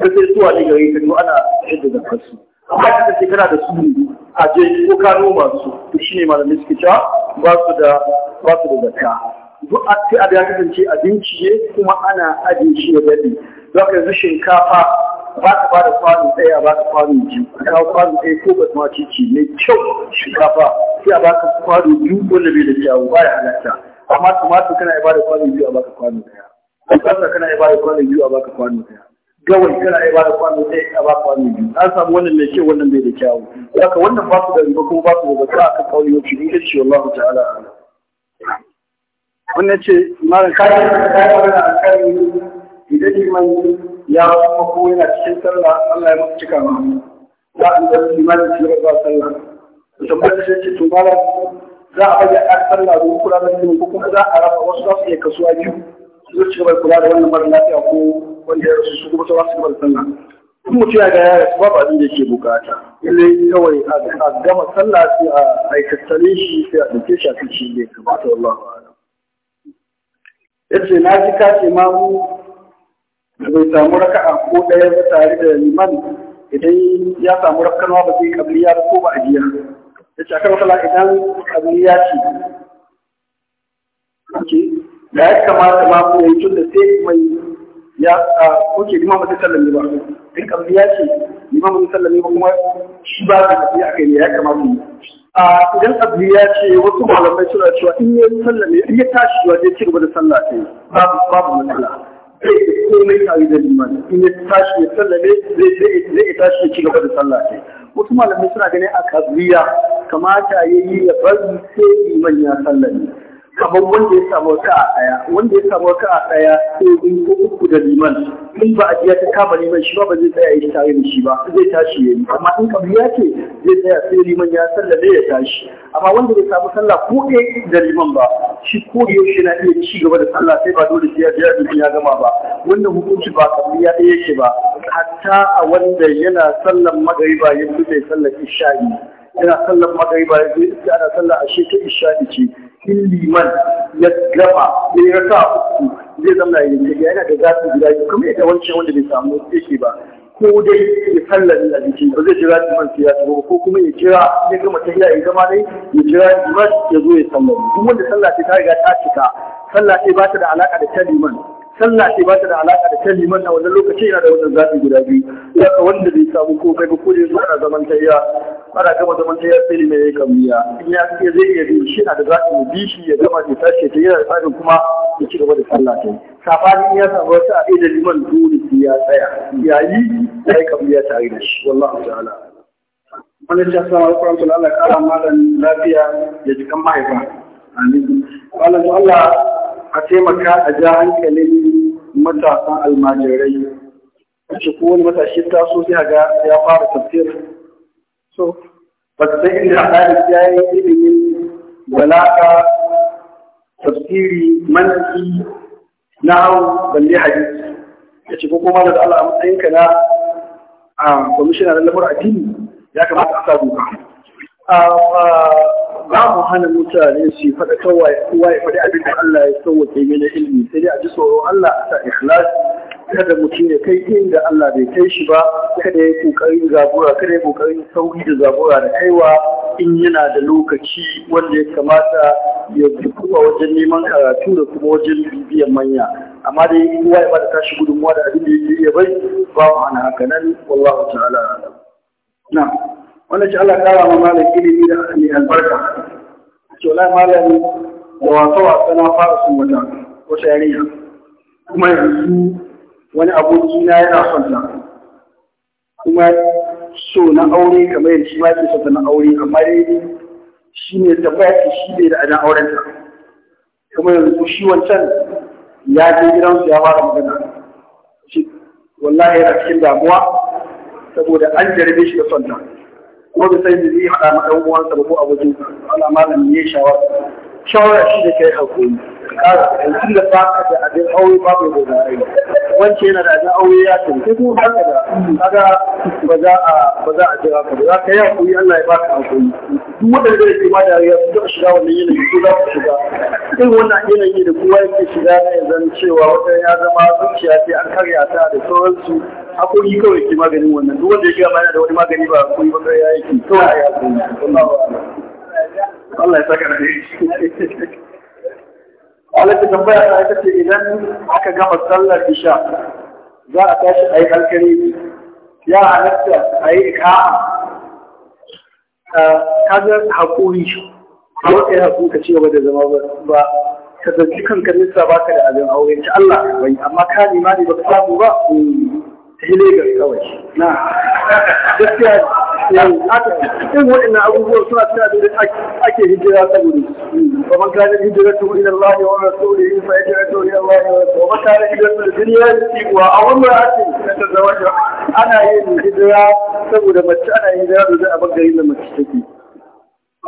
sai sai suwa ne gare ta to ana yadda zakkar su amma ta ce kana da su ne a je ko ka noma su to ne malamai suke cewa ba su da ba su da zakka duk a sai abu ya kasance abinci ne kuma ana ajiye shi ya daɗe za ka yanzu shinkafa ba ka ba da kwano ɗaya ba ka kwano biyu A kawo kwano ɗaya ko ba ma cici mai kyau shinkafa sai a baka kwano biyu wanda bai da kyawu ba ya halatta amma tumatur kana iya ba da kwano biyu a baka kwano ɗaya albasa kana iya ba da kwano biyu a baka kwano ɗaya gawai kana iya da kwano ɗaya a ba kwano biyu an samu wannan mai kyau wannan bai da kyawu haka wannan ba su da riba kuma ba su da zakka akan kauli yau shi ne shi wallahu ta'ala wannan ce mara kayan kayan akan idan liman ya kuma ko yana cikin sallah Allah ya masa cika ma za a da liman ya cigaba da sallah to tabbata sai ce to mara za a bayyana a sallah don kula da shi ko kuma za a raba wasu za su iya kasuwa biyu su ci gaba kula da wannan mara lafiya ko wanda ya rasu su kuma za su gaba da sallah in mutum ya ga ya rasu babu abin da yake bukata illai kawai a gama sallah sai a aikattare shi sai a ɗauke shi a kan shi ne kamata wallahu ya ce na ji kashe mamu da bai samu raka'a ko ɗaya ba tare da liman idan ya samu rakkanwa ba zai ya ko ba a biya ya ce akan kala idan ya ce da ya kamata ma mu yi tun da sai mai ya kuke liman ba zai sallame ba in ya ce liman ba zai sallame ba kuma shi ba da kabliya a kai ne ya kamata mu yi a idan abu ya ce wasu malamai suna cewa in ya sallame in ya tashi ya zai ci gaba da sallah babu babu matsala zai yi komai tare da liman in ya tashi ya sallame zai tashi ya ci gaba da sallah wasu malamai suna ganin a kabliya kamata ya yi ya bar sai liman ya sallame kamar wanda ya samu ka a ɗaya wanda ya samu ka a ɗaya ko in ko uku da liman in ba a biya ta kama liman shi ba ba zai tsaya yi tare da shi ba zai tashi yayi amma in ya ce zai tsaya sai liman ya sallame ya tashi amma wanda bai samu sallah ko ɗaya da liman ba shi ko yaushe na iya ci gaba da sallah sai ba dole sai ya biya ya gama ba wannan hukunci ba ya ɗaya yake ba hatta a wanda yana sallan magariba yanzu bai sallar isha'i yana sallan magariba yanzu ana sallar ashe ta isha'i ce in liman ya gama ya yi rasa uku zai zama ya yi yana da zafi guda biyu kuma ya wancan wanda bai samu yake ba ko dai ya sallari a jiki ba zai jira liman sai ya shigo ko kuma ya jira ya gama ta ya gama dai ya jira liman ya zo ya sallari duk wanda sallah ta riga ta cika sallah ce ba ta da alaka da ta liman sallah ce ba ta da alaka da kan liman na wannan lokaci yana da wannan zaɓi guda biyu daga wanda bai samu ko kai ba ko da yanzu ana zaman tayya ana gama zaman tayya sai liman ya kambiya in ya ce zai iya bi shi na da zaɓi ya bi shi ya gama ya tashi ta yana da tsarin kuma ya ci gaba da sallah ta safanin ya samu wata a da liman dole sai ya tsaya yayi ya yi kambiya tare da shi wallahi ta'ala wannan shi samu alaikum warahmatullahi Allah ya kara malam lafiya da jikan mahaifa amin Allah Allah a taimaka a ja hankalin matasan almajirai a ko wani matashi ta so sai ga ya fara tafsir so ba su san inda ɗalib ya yi ilimin balaga tafsiri manki na hau balle hadisi ya ce ko kuma da Allah a matsayinka na a kwamishina na lamar addini ya kamata a sa doka ba mu hana mutane su faɗa kawai kowa ya faɗi abin da Allah ya sauwake yi na ilimi sai dai a ji tsoron Allah a sa ikhlas kada mutum ya kai inda Allah bai kai shi ba kada ya kokarin zabura kada ya kokarin sauri da zabura da kaiwa in yana da lokaci wanda ya kamata ya kuma wajen neman karatu da kuma wajen bibiyan manya amma dai kowa ya bada tashi gudunmuwa da abin da ya bai ba mu hana haka nan wallahu ta'ala na'am wanda shi Allah kara ma malam ilimi da mai albarka to la malami da wasu wasa na fara sun wata ko yarinya kuma yanzu wani aboki na yana son ta kuma so na aure kamar yadda shi ma ke so na aure amma dai shi ne da ce shi bai da adan auren ta kuma yanzu shi wancan ya je gidansu ya fara magana wallahi yana cikin damuwa saboda an jarabe shi da son ta ko sai san zai zai haɗa ma ɗan uwansa ba ko abokin ala malam ne shawara shawara shi da kai hakuri yanzu da baka da abin aure babu da za a yi wance yana da abin aure ya ce ta kuma baka da kaga ba za a ba za a jira ka za ka yi hakuri Allah ya baka hakuri duk wanda zai ke ba da ya su shiga wannan yanayi ko za ku shiga irin wannan yanayi da kowa yake shiga na yanzu cewa wata ya zama zuciya ce an karya ta da sauransu hakuri kawai ke maganin wannan duk wanda ya gaba yana da wani magani ba hakuri ba ya yake kawai ya hakuri Allah ya saka na ne alaƙa tambaya ta ita ce idan aka gama sallar isha za a tashi a yi alkari ya halatta a yi ka'a. Eh, ka ga haƙuri a wata haƙuri ka ci gaba da zama ba ka zanci kanka nisa baka da abin aure ta Allah bai amma ka nima ne baka samu ba ta yi Legas kawai. Na, gaskiya yau eh, aka in waɗannan abubuwan suna cikin abin da ake hijira saboda wa man kana hijratu ila Allah wa rasulihi fa hijratu ila Allah wa rasulihi wa man kana hijratu ila dunya wa a wannan ake ta zawaji ana yin hijira saboda mace ana yin hijira da abin garin da mace take.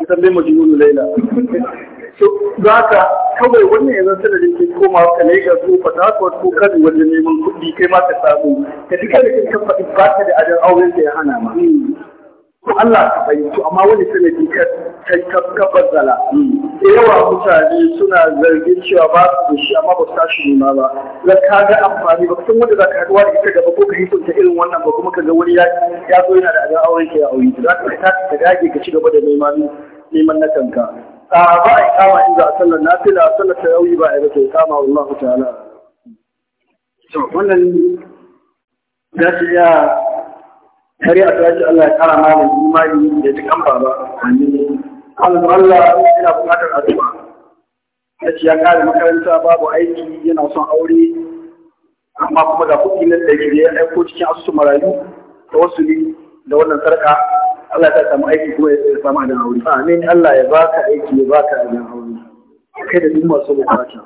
An tambaye mu Laila. Za ka kawai wannan yanzu sanadin da ke koma ka ne ga su fata ko ko kan wajen neman kuɗi kai ma ka samu ka duka da kin kan faɗi ba ka da adan auren da ya hana ma. To Allah ka fahimci amma wani sanadi ka ka bazzala. Da yawa mutane suna zargin cewa ba su da shi amma ba su tashi nema ba. Za ka ga amfani ba san wanda za ka haɗuwa da ita gaba ko ka hikunta irin wannan ba kuma ka ga wani ya zo yana da adan auren ka ya aure. Za ka ka dage ka ci gaba da neman neman na kanka. ba a kama in za a sallar nafila sallar ta yauyi ba a yi ta kama Allah ta'ala wannan ya ce ya kare a tashi Allah ya kara malin imani da duk an baba amin Allah yana bukatar addu'a ya ce ya kare makaranta babu aiki yana son aure amma kuma ga kuɗi nan da ya aiko cikin asusun marayu da wasu da wannan sarka Allah ta samu aiki kuma ya samu adan aure amin Allah ya baka aiki ya baka adan aure kai da duk masu bukata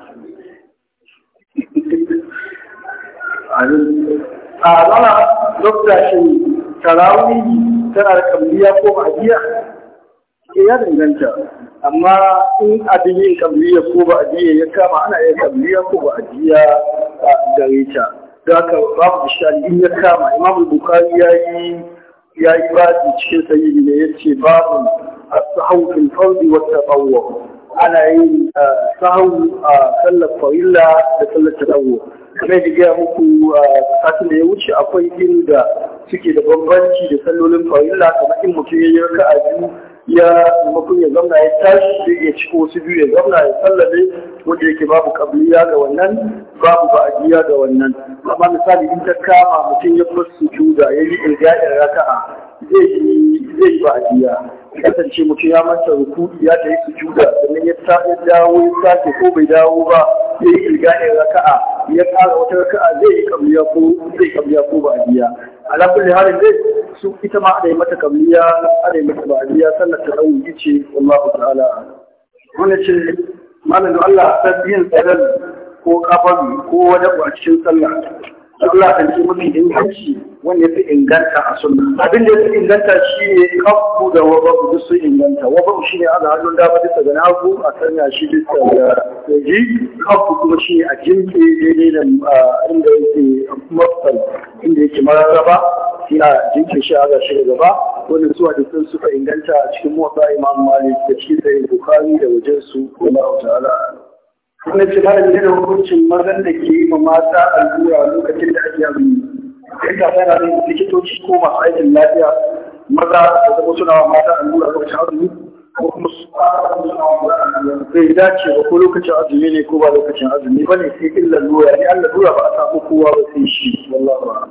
amin a zama dokta shi tarawih tana da kambiya ko Ke eh, ya danganta amma in abin yin kambiya ko ba'adiya ya kama ana iya kambiya ko ba'adiya a gare ta da haka babu shari'in ya kama imam bukari ya yi ya yi rafi cikin sayi ne ya ce babu a sahawun wata tsawo ana yi tsawon eh, a sallar farilla da sallar tsawo kamar da gaya muku eh, satin da ya wuce akwai irin da suke da bambanci da sallolin farilla kamar in mutum ya yi raka'a biyu ya maimakon ya zauna ya tashi sai ya ciko wasu biyu ya zauna ya sallame wanda yake babu kabliya ga wannan babu ba'adiyya ga wannan amma misali in ta kama mutum ya su juda ya yi irga'in raka'a zai yi ba'adiyya kasance mutum ya manta ruku, ya ta yi sujuda sannan ya dawo ya sake ko bai dawo ba ya yi irga'in raka'a ya kara wata raka'a zai yi kabliya ko zai kabliya ko ba'adiyya ala kulli halin dai su ita ma da mata kabliya ana mata ba'aliya sannan ta dau yace wallahi ta'ala wannan ce malamin Allah ta yin sadal ko kafan ko wani a cikin sallah Allah kan ci mutum inganci wanda fi inganta a sunna abin da fi inganta shi ne kafu da wababu duk su inganta wababu shi ne ana hannun dama bisa ga nagu a sanya shi bisa ga yaji kafu kuma shi ne a jinke daidai da inda yake mafsal inda yake mararraba shi a jinke shi a gashi gaba wannan zuwa da sun suka inganta a cikin motsa imam malik da shi da bukhari da wajensu kuma ta'ala kuma ce bayan yana hukuncin mazan da ke yi ma mata allura lokacin da ake azumi. Kai ta yana da likitoci ko masu aikin lafiya maza da zama suna wa mata allura lokacin azumi ko kuma su fara suna wa mata Bai dace ba ko lokacin azumi ne ko ba lokacin azumi ba ne sai illa lura ne Allah lura ba a samu kowa ba sai shi wallahu a'lam.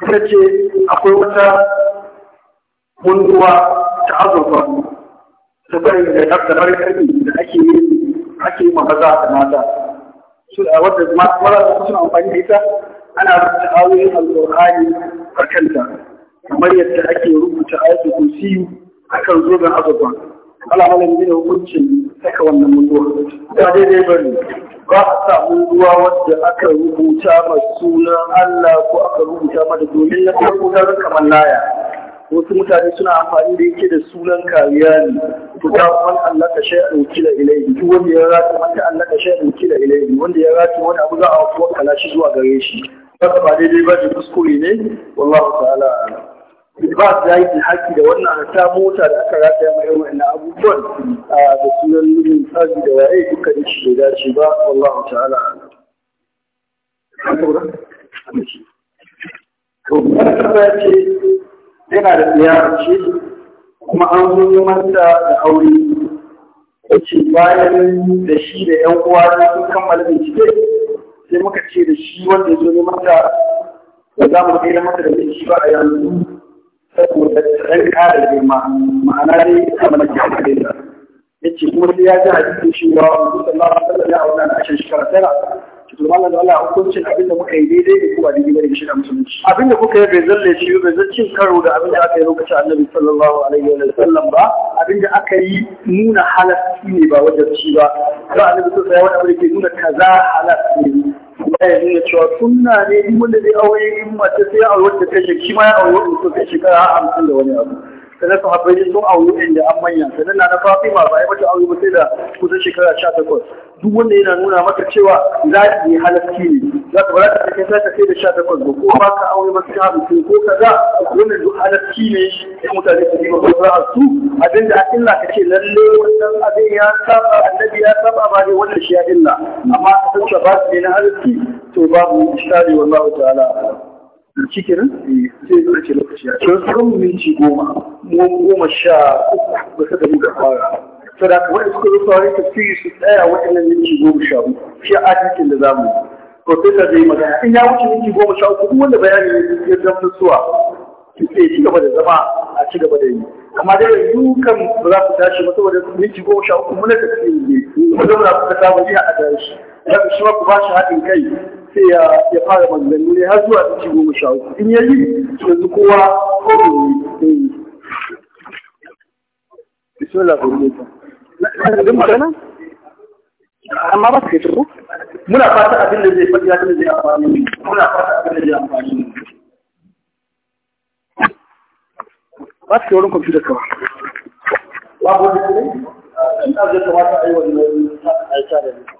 Kuma ce akwai wata munduwa ta azurfa. Ta bari da ta da ake yi ake yi maza da mata wadda mata suna amfani da ita ana rubuta ayoyin alƙur'ani a kanta kamar yadda ake rubuta ayatul kursiyu kan zoben azurfa Allah malam ne hukuncin saka wannan munduwa ba daidai bane ba a samu ruwa wadda aka rubuta masu sunan Allah ko aka rubuta ma domin na farko kamar laya wasu mutane suna amfani da yake da sunan kariya ne to ta wani Allah ka shayar wakila ilai duk wanda ya rata mata Allah ka shayar wakila ilai wanda ya rata wani abu za a wakala shi zuwa gare shi haka ba daidai ba da kuskure ne wallahu ta'ala ba za yi haƙi da wannan ta mota da aka rataya mai irin wannan abubuwan da sunan lumin tsari da waye duka da shi da dace ba wallahu ta'ala to ba ta ce yana da tsiyar ce kuma an zo neman da aure ce bayan da shi da yan uwa sun kammala cike, sai muka ce da shi wanda ya zo neman da za mu kai mata da shi ba a yanzu saboda ɗan ƙara girma ma'ana dai kammala kyau da ya ce kuma sai ya ji hadisin shi wa sallallahu alaihi wa sallam ya auna a shekara tara malam Allah hukuncin abin da muka yi daidai da kuma daidai bane shi da musulunci abin da kuka yi bai zalle shi bai zaccin karo da abin da aka yi lokacin Annabi sallallahu alaihi wa sallam ba abin da aka yi nuna halarci ne ba wajen ci ba ba Annabi sallallahu alaihi wa sallam ke nuna kaza halarci ne ya nuna cewa sunna ne duk wanda zai aure in mace sai aure ta kashe shi ma ya aure ta kashe shekara 50 da wani abu sannan sun haɓe sun auri inda an manya sannan na na fatima ba ya mata aure ba sai da kusan shekara sha takwas duk wanda yana nuna maka cewa za ki yi halarci ne za ka ba za ka kai sai da sha takwas ba ko ba ka aure ba sai haɗu ko kaza wannan duk halarci ne ya mutane su yi ba za su abin da illa ka ce lalle wannan abin ya saba annabi ya saba ba ne wannan shi ya illa amma ka san ba su ne na halarci to babu ishtari wallahu ta'ala shi kenan zai zo ce lokaci ya ce sun minti goma mu goma sha uku ba su da muka fara sadaka wani suka zo sauran tafsiri su tsaya waɗannan minti goma sha uku shi a cikin da zamu professor zai magana in ya wuce minti goma sha uku wanda bayani ya zama suwa sai ci gaba da zama a ci gaba da yi amma dai yanzu kan ba za ku tashi ba saboda minti goma sha uku muna tafsiri ne kuma za zauna kuka samu jiya a tashi ya fi shi ba shi haɗin kai sai ya fara maganganu ne har zuwa ɗauki goma sha uku in ya yi yanzu kowa ko yi bismillah ko ne ta magana amma ba su kai tuku muna fata abin da zai faɗi ya zai amfani muna fata abin da zai amfani ba su kai wurin kwamfuta kawai babu wani ne ina zai kamata a yi wani aika da ne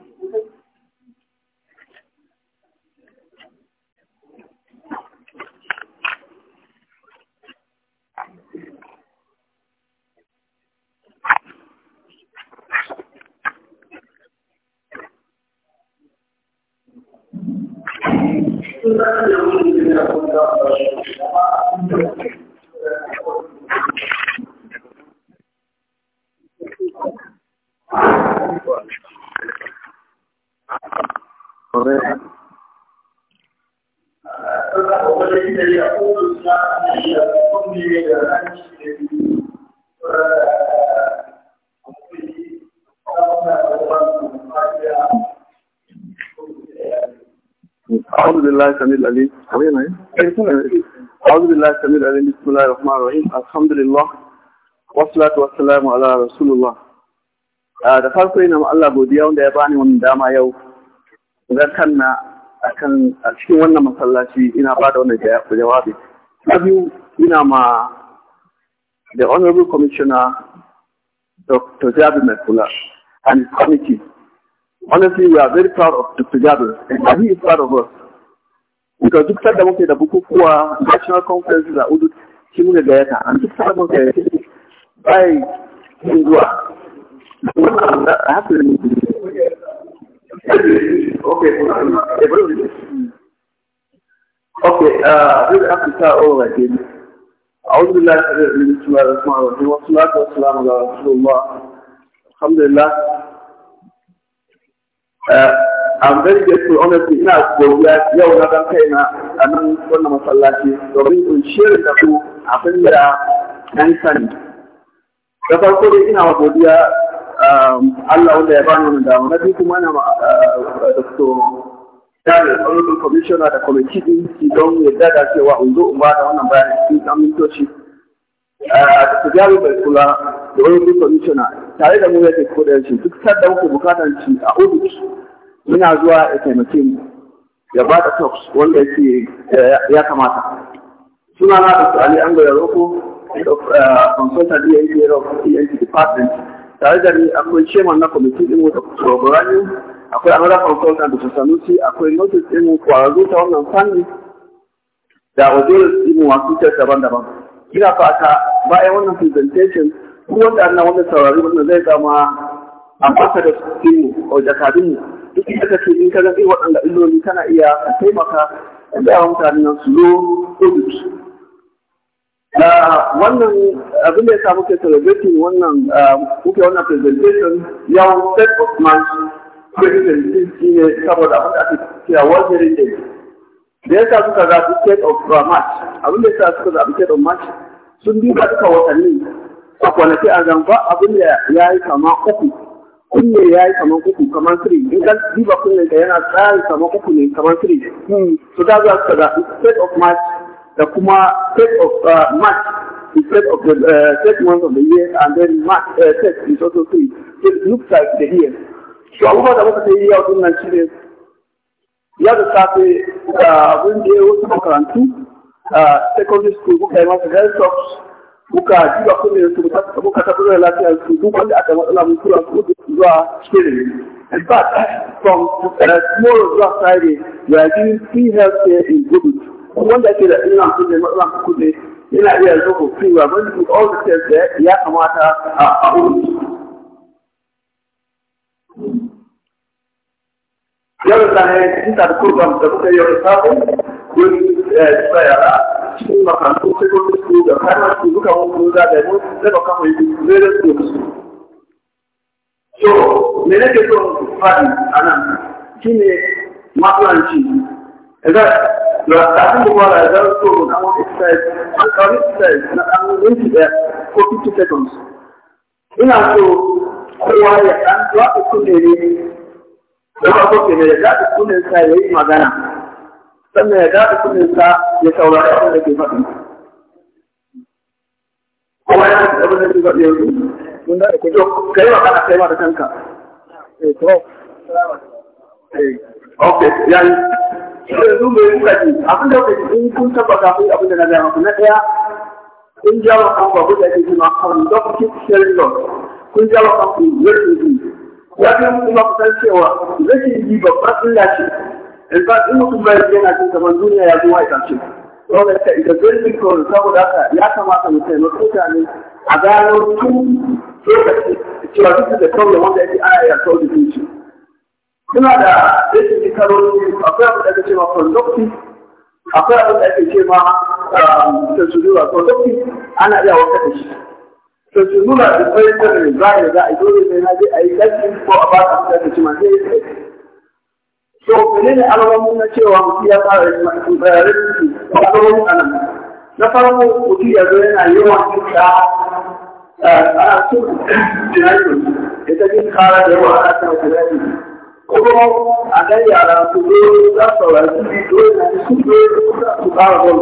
الله السميع العليم بسم الله الرحمن الرحيم الحمد لله والصلاة والسلام على رسول الله da farko ina ma Allah godiya wanda ya bani wannan dama yau ga kanna akan a cikin wannan masallaci ina bada wannan jawabi na biyu ina ma the honorable commissioner Dr. jabi Mekula and his committee honestly we are very proud of Dr. jabi and he is proud of us ga duk da muke da bukukuwa national conference da udu shi ga yata an duk da muke bai zuwa ne Okay, okay, uh, I'm very grateful honestly ina godiya yau na dan kaina a nan wannan masallaci domin in share da ku abin da dan sani. Da farko dai ina godiya um, Allah wanda ya bani wannan dama na biyu kuma ina da so uh, uh, Daniel Honorable Commissioner da kwamiti din ki don yadda da cewa in zo in ba da wannan bayanin cikin ɗan uh, Dr. Da su kula da wani commissioner tare da mu yake kodayar shi duk sadda muke bukatar a audit muna zuwa ya taimake mu ya ba da talks wanda yake eh, ya kamata suna na da Ali Ango ya roko consultant ENT of ENT department tare da ni akwai chairman na committee din wata programming akwai another consultant da Sanusi akwai notice din kwararru ta wannan fanni da odol din wasu ta daban-daban ina fata bayan wannan presentation ko wanda annan wanda saurari wannan zai zama ambassadors din mu ko jakadun mu duk inda ka ce in ka ga waɗanda illoli kana iya taimaka da yawan mutanen nan su zo na ah, Wannan abin da ya sa muke celebrating wannan ah, muke wannan presentation yawon set of March presentation shi ne saboda abin da ake cewa World Heritage. Da ya sa suka zaɓi State of March, abin da ya sa suka zaɓi State of March sun duba duka watanni a kwanaki a zamba abin da ya yi kama uku kunne ya yi kamar kuku kamar siri in ka diba kunnen ka yana tsari kamar kuku ne kamar siri hmm. so ta zuwa suka zaɓi state of march da kuma state of uh, march instead of the uh, state month of the year and then march uh, state is also three so it looks like the year so abubuwa da muka yi yau dinnan shi ne ya da safe uh, abin da ya wasu makarantu uh, secondary school kuka yi masa health talks muka duba ko ne su muka tabbatar da lafiyar su duk wanda aka matsala mun tura su zuwa shirin in fact from tomorrow zuwa friday we are doing free health care in gudu wanda ake da ina kunne matsala kunne yana iya zo ko free wa but with all the tests da ya kamata a a yau da ne in da kurban da kuka yi wa sabon ya tsaya cikin makarantu da duka mun kuma da mu zai su da su so me nake so faɗi a nan shine matsalanci idan da abin da mara so mu dan wani exercise an kawo exercise na dan minti ɗaya ko 50 seconds ina so kowa ya dan zuwa ne ne da ba ko ne sa yayi magana sannan ya daɗa kuninsa ya saurari abin da ke faɗi. Kuma ya faɗi abin da ke faɗi yanzu. Mun daɗa ku jo, kai ma kana kai ma da kanka. Eh, to. Eh, ok, yayi. Yanzu mai kuka ji, abin da kuka ji in kun tabbata kun abin da na gaya maku na ɗaya kun ja wa kanku abin da ake ji ma kawai don keep sharing love. Kun ja wa kanku rashin ji. Ya fi kuma kusan cewa rashin ji babban illa ce. in ba in mutum bai yana cin kamar duniya ya zuwa ita ce saboda ka ita zai cin kawai saboda haka ya kamata mu taimaki mutane a gano tun lokaci cewa duk da kawai wanda yake ana iya kawai da zuci suna da yake karoli akwai abu da ake cewa conductive akwai abu da ake cewa sensuzuwa conductive ana iya wata da shi sensuzuwa da kwayar da za a yi za a yi dole sai na je a yi ƙarfi ko a ba ta abin da ake yi sai to ne ne alamomin na cewa mutum ya fara bayanin su alamomin a nan na farko mutum ya zo yana yawan cuta eh, ana cin jinaji ya ta jin kara da yawa ana cin jinaji kuma a nan yara su zo za su saurari su bi dole na su zo su kara gol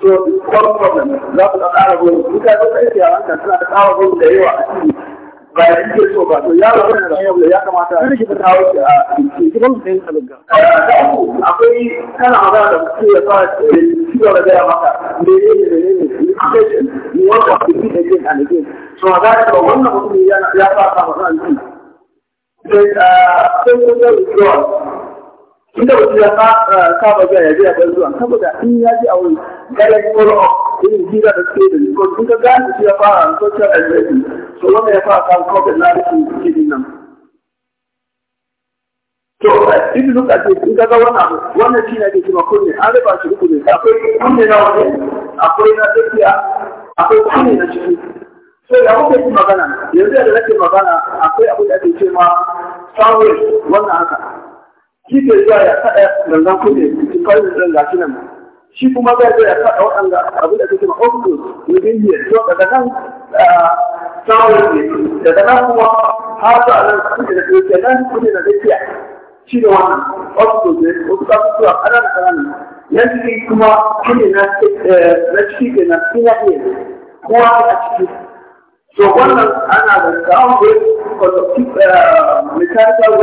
so kwan problem za su kara gol mutane da yake yaran kan suna da kara gol da yawa a cikin ba ya ke so ba to yaro wannan da yau ya kamata a cikin kawo shi a cikin da A eh, sabga akwai kana magana da mutum ya fara eh, shi da ga maka me ne ne ne ne akwai ni wanda ke yi da jin alƙin so ga da wannan mutum ya ya fara magana da sai sai ko da zuwa inda mutum ya fara saba ga ya je ya bar zuwa saboda in ya je a wurin kada ko irin hira da suke da rikon duka gane shi ya fara a social anxiety so wanda ya fara kan covid na rikin cikin nan to ibi duka ce in ka ga wannan wannan shi ne ke kuma kunne an riba shi uku ne akwai kunne na wani akwai na tafiya akwai kunne na ciki so ya kuka yi magana yanzu da nake magana akwai abin da ake ce ma wannan haka shi ke zuwa ya kaɗa gangan kunne cikin farin da gashi nan shi kuma zai zai faɗa waɗanda abu da suke maƙwabto ya yi to daga nan ah, tsawon ne daga nan kuma har a nan kuɗi da kake nan kuɗi da zai shi da wannan ƙwabto ne wasu kasuwa nan ƙanan yan ciki kuma kuma na ciki ke eh, na sun yaɗe kowa a ciki So wannan ana da tsawon ne eh, mechanical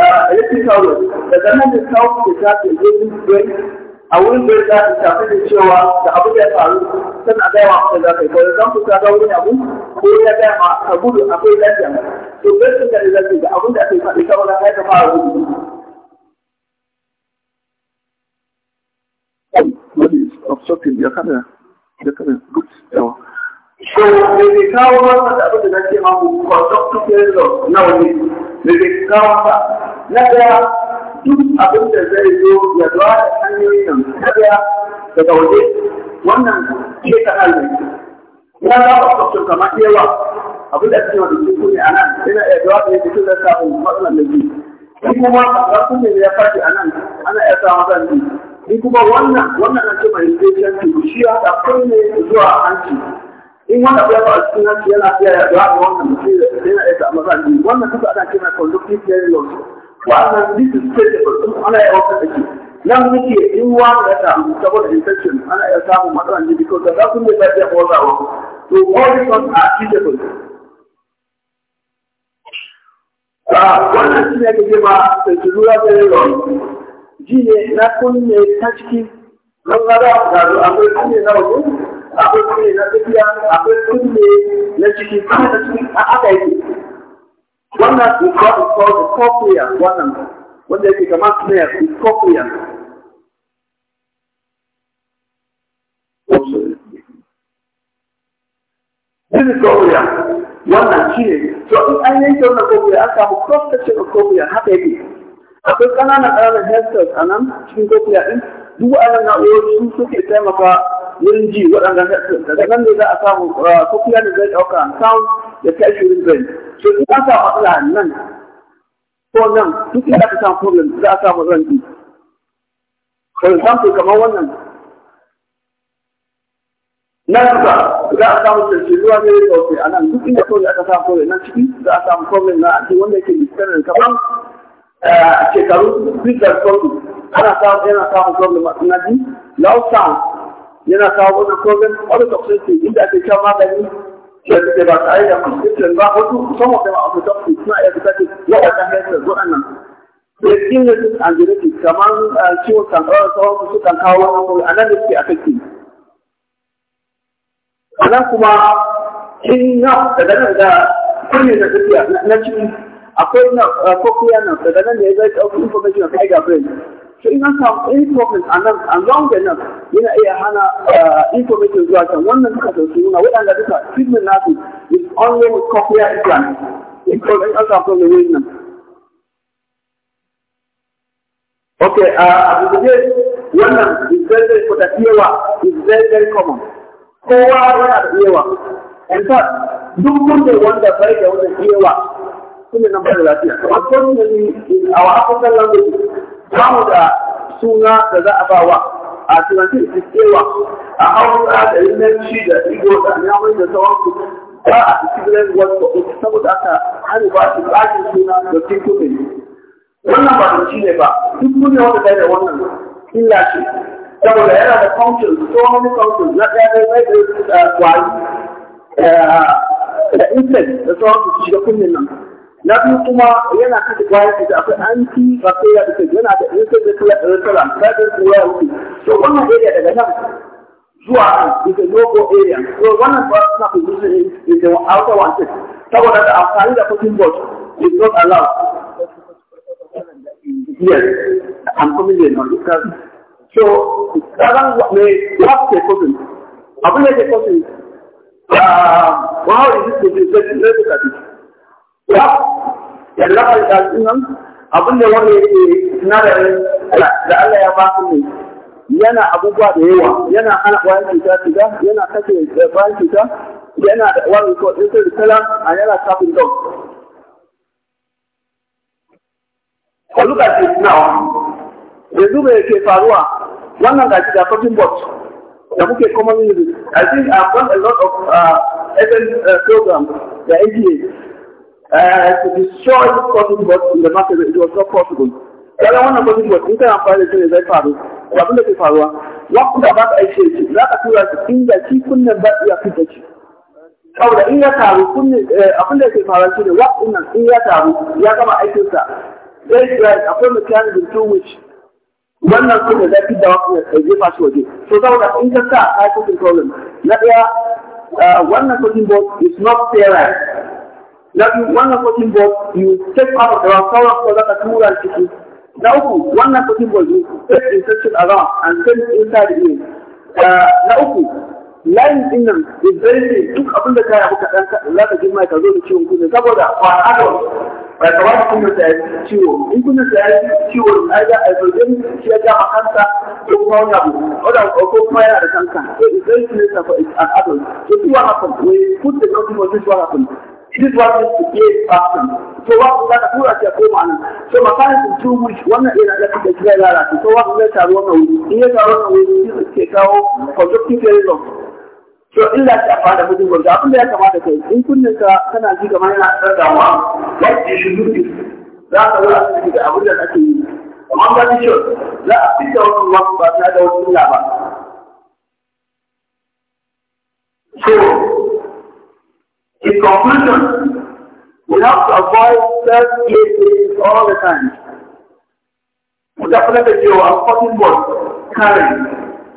ah, electrical daga nan da tsawon da ta ke yi a wurin da ya ta tafi da cewa da abu da ya faru tana gaya ma da za ka yi ko da ku ga wani abu ko ya gaya ma a gudu akwai lafiya to gaskiya da zai da abin da ake faɗi ta wani ya ka fara gudu of something ya kada ya kada yawa so me bai kawo masa da abin da na ce ma ku constructive law na wani me bai kawo ba na ga duk abin da zai zo ya zuwa da hanyoyi da kada daga waje wannan ke ta halin ya za a kwakwato kamar yawa abin da ke wani cikin ne a nan yana iya zuwa da ya fito da sabon matsalar da biyu in kuma wasu ne ya fashi a nan ana iya sa matsalar biyu in kuma wannan wannan na ce mai zai canci shi ya ta kunne zuwa hanci in wanda bai ba cikin hanci yana iya yaduwa da wannan mutum yana iya sa matsalar biyu wannan kusa ana ce mai conductive hearing loss wannan duk suke da basu ana yawa da shi nan muke in wani ya infection ana iya samun matsalan jiki ko da kun da lafiya ko za to all these ones are treatable ah, wannan shi ne ake ce ma tsirrura da ne na kunne ta ciki don gara da akwai kunne na na ciki a wannan su ba su called da kofiya wannan wanda yake kamar snare is cochlear This is cochlear wannan shi ne to in an yanke wannan kofiya an samu kofiya section of cochlear haka yake akwai ƙananan ƙananan hair cells a nan cikin kofiya ɗin duk waɗannan na'urori su suke taimaka wurin ji waɗanda daga nan ne za a samu kofiya uh, ne zai ɗauka sound ya kai shirin zai shi in ka samu matsala nan ko nan duk da ka samu problem za a samu zan yi for example kamar wannan nan ba za a samu tashi ruwa ne da wasu a nan duk inda kawai aka samu problem nan ciki za a samu problem na aji wanda yake mistarar kamar eh, shekaru bitar problem ana samu yana samu problem a tsanadi loud sound yana kawo wannan problem all the toxicity inda ake shan magani da ba tare da mutum ba wasu kusan waɗanda abu da su suna iya fita ce waɗanda haifar zuwa nan. Da illolin anxiety kamar ah, ciwon kankawa tsawon su kan kawo a nan da suke afekti. A nan kuma in na daga nan da kullum da tafiya na cikin akwai na kofiya ah, nan daga nan da ya zai ɗauki information a kai ga to in an samu information a nan a zan da nan yana iya hana uh, information zuwa can wannan suka sauki nuna waɗanda duka treatment nasu is only with cochlear implant in an samu da wurin nan Okay, uh, abu da wannan is very very important yawa is very very common. Kowa yana da yawa. In fact, duk wanda wanda bai da wannan yawa, kuma nan ba da lafiya. Unfortunately, in our African language, ba mu da suna da za a bawa wa a tunanin iskewa a hausa da yinanci da igbo da yawon da sauransu ba a cikin ba uku saboda aka hannu ba su tsakin suna da cikin wannan ba da ne ba duk ne wanda da wannan illa ce saboda yana da functions tsohon many functions na ɗaya ne mai da kwari eh, da intanet da sauransu su shiga kunnen nan na kuma yana kashe bayan da akwai anti bacteria da yana da insecticide to wannan area daga nan zuwa a area so wannan ba suna in the outer one saboda da amfani da cooking is not allowed yes i'm coming in on this card so me what the cooking da ke cooking uh wow is this the best ba ya da lafa da abin da wani yake sinadarin da Allah ya ba su yana abubuwa da yawa yana hana ƙwayar cuta shiga yana da ƙwayar cuta yana da wani ko ɗin sai kala a yana kafin don. ko look at it now yanzu me yake faruwa wannan gashi da fucking bot da muke commonly use i think i've done a lot of uh, event uh, programs da AGA Eh, to destroy this cotton bud in the market it was not possible kaga wannan cotton bud in kana amfani da shi ne zai faru abin da ke faruwa lokuta ba ka aishe shi za ka tura shi inda shi kunnen ba iya fita shi saboda in ya taru kunne eh, abin da ke faruwa shi ne wakun nan in ya taru ya gama aikinsa zai tsaya akwai mechanism through which wannan kunne zai fi da wakun ya jefa shi waje so saboda in ka sa a cikin problem na ɗaya eh, wannan cotton bud is not sterile na biyu wannan cotton ball you take out the sauran ko zaka tura ciki na uku wannan cotton ball you take insertion around and send inside uh, na uku layin din nan is duk abin da kaya muka dan za ka jima ka zo da ciwon kunne saboda for adult ba ka ba kunne ta ciwo in kunne ta ciwo ai da ai zojin shi ya ga kansa ko kuma wani abu wanda ko kuma yana da kanka so is very thin a adult so what happened we put the notice what happened This was the eight option. So what was that? Who are the four man? So my parents in two weeks, one in a left the clear that. So what was that? One away. Here the one away is the cow for the people a So in that a fara mutum gobe abin da ya kamata kai in kunnen ka kana ji kamar yana tsarkawa what you should do za ka zo a cikin abin da ake yi amma ba ni sure za a fita wannan wasu ba tare da wani ba so In conclusion, we have to avoid self-gazing all the time. We tabbatar da cewa cotton ball, karen,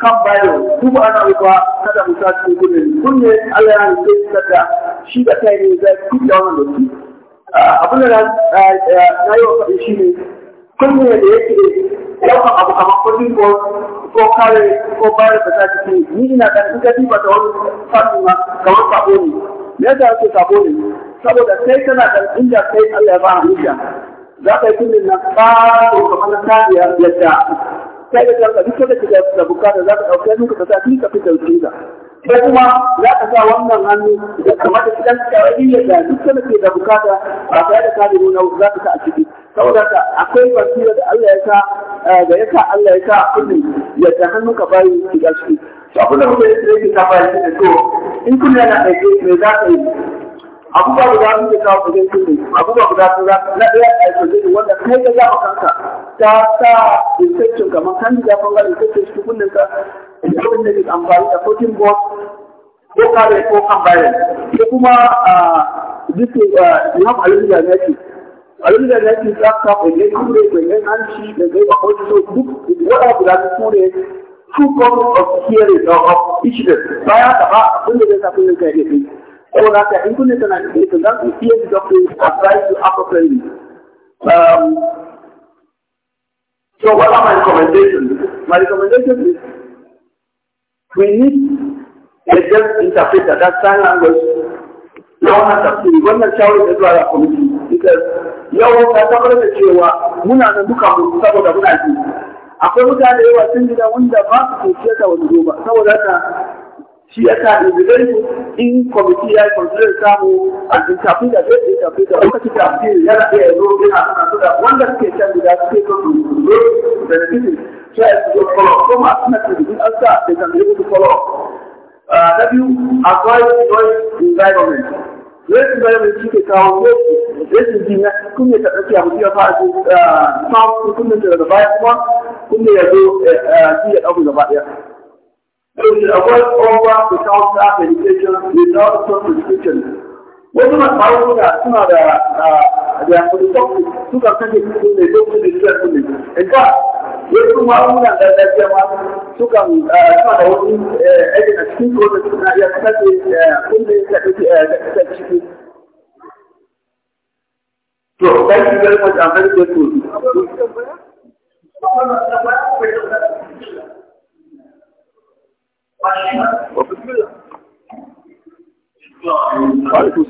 kan bayo, duba ana rufa kada mu sa cikin gudun. Kunne Allah ya halitta da shi da kai ne zai fi da wannan lokaci. Abin da na yi wa faɗin shi ne, kunne da yake ɗaukar abu kamar cotton ball ko kare ko bayar da ta cikin ni ina ɗan in ka ta wani fannin ma kamar sabo ne. me yasa yake sabo ne saboda sai kana da inda kai Allah ya ba hujja za ka yi kullum nan ba ko ka fara ya yadda sai da kanka duk da kike da bukata za ka dauke ni ka sa kin fita fitar kinka da kuma za ka sa wannan hannu da kamar da kidan kawai da duk da kike da bukata ba sai da kadi nuna za ka sa a ciki saboda ka akwai basira da Allah ya sa eh, da ya Allah ya sa kullum yadda hannunka bayi shiga shi to abin da kuma yi da yake ta bayi da to in kunne na ɗauke me za ka yi abubuwa guda sun ke kawo kudin kunne abubuwa guda sun za na ɗaya a yi wanda kai ka zama kanka ta sa infection kamar kan da fanga infection cikin kunnen ka da abin da ke amfani da protein box ko kare ko kan bayan ko kuma duk yam alimda ne ce alimda ne ce za ka kwaye kure kwaye hanci da zai ba kwaye so duk wanda guda sun kure two causes of hearing or of issues baya da ba abin da zai sa kullum kai kai ko na ka in kullum tana da ita za su hear the doctor advise you appropriately um so what are my recommendations my recommendation is we need a just interpreter that sign language na wannan tafsiri wannan shawarar da zuwa ya kwamiti because yau ta tabbatar da cewa muna nan duka mu saboda muna ji akwai mutane yawa sun gida wanda ba su kuke ta wani ba saboda haka shi ya sa individu in kwamiti ya yi kwamfiyar samu a cikin tafi da zai yi tafi da cikin tafi yana iya zo yana suna da wanda suke can gida suke zo su zo da na titi sai a yi kwalo kuma ko ma suna cikin an sa da kan yi su A ah, Na biyu akwai joint environment rashin bayan shi ke kawo rashin ji na kunne ta ɗauki abu ya fa'a su samu kunne ta daga baya kuma kunne ya zo eh, ah, shi ya ɗauki gaba ɗaya. Yanzu akwai ƙwaƙwa da kawo ta medication without some prescription. Wasu masu kawo suna suna da ah, da kuɗi suka kashe kuɗi ne ko kuɗi suka kuɗi. In yanzu muna gargajiya ma sukan eh, suna da wani eh, aiki na cikin kodin suna iya kasance kundin ka ciki. To, thank you very much. I'm very grateful.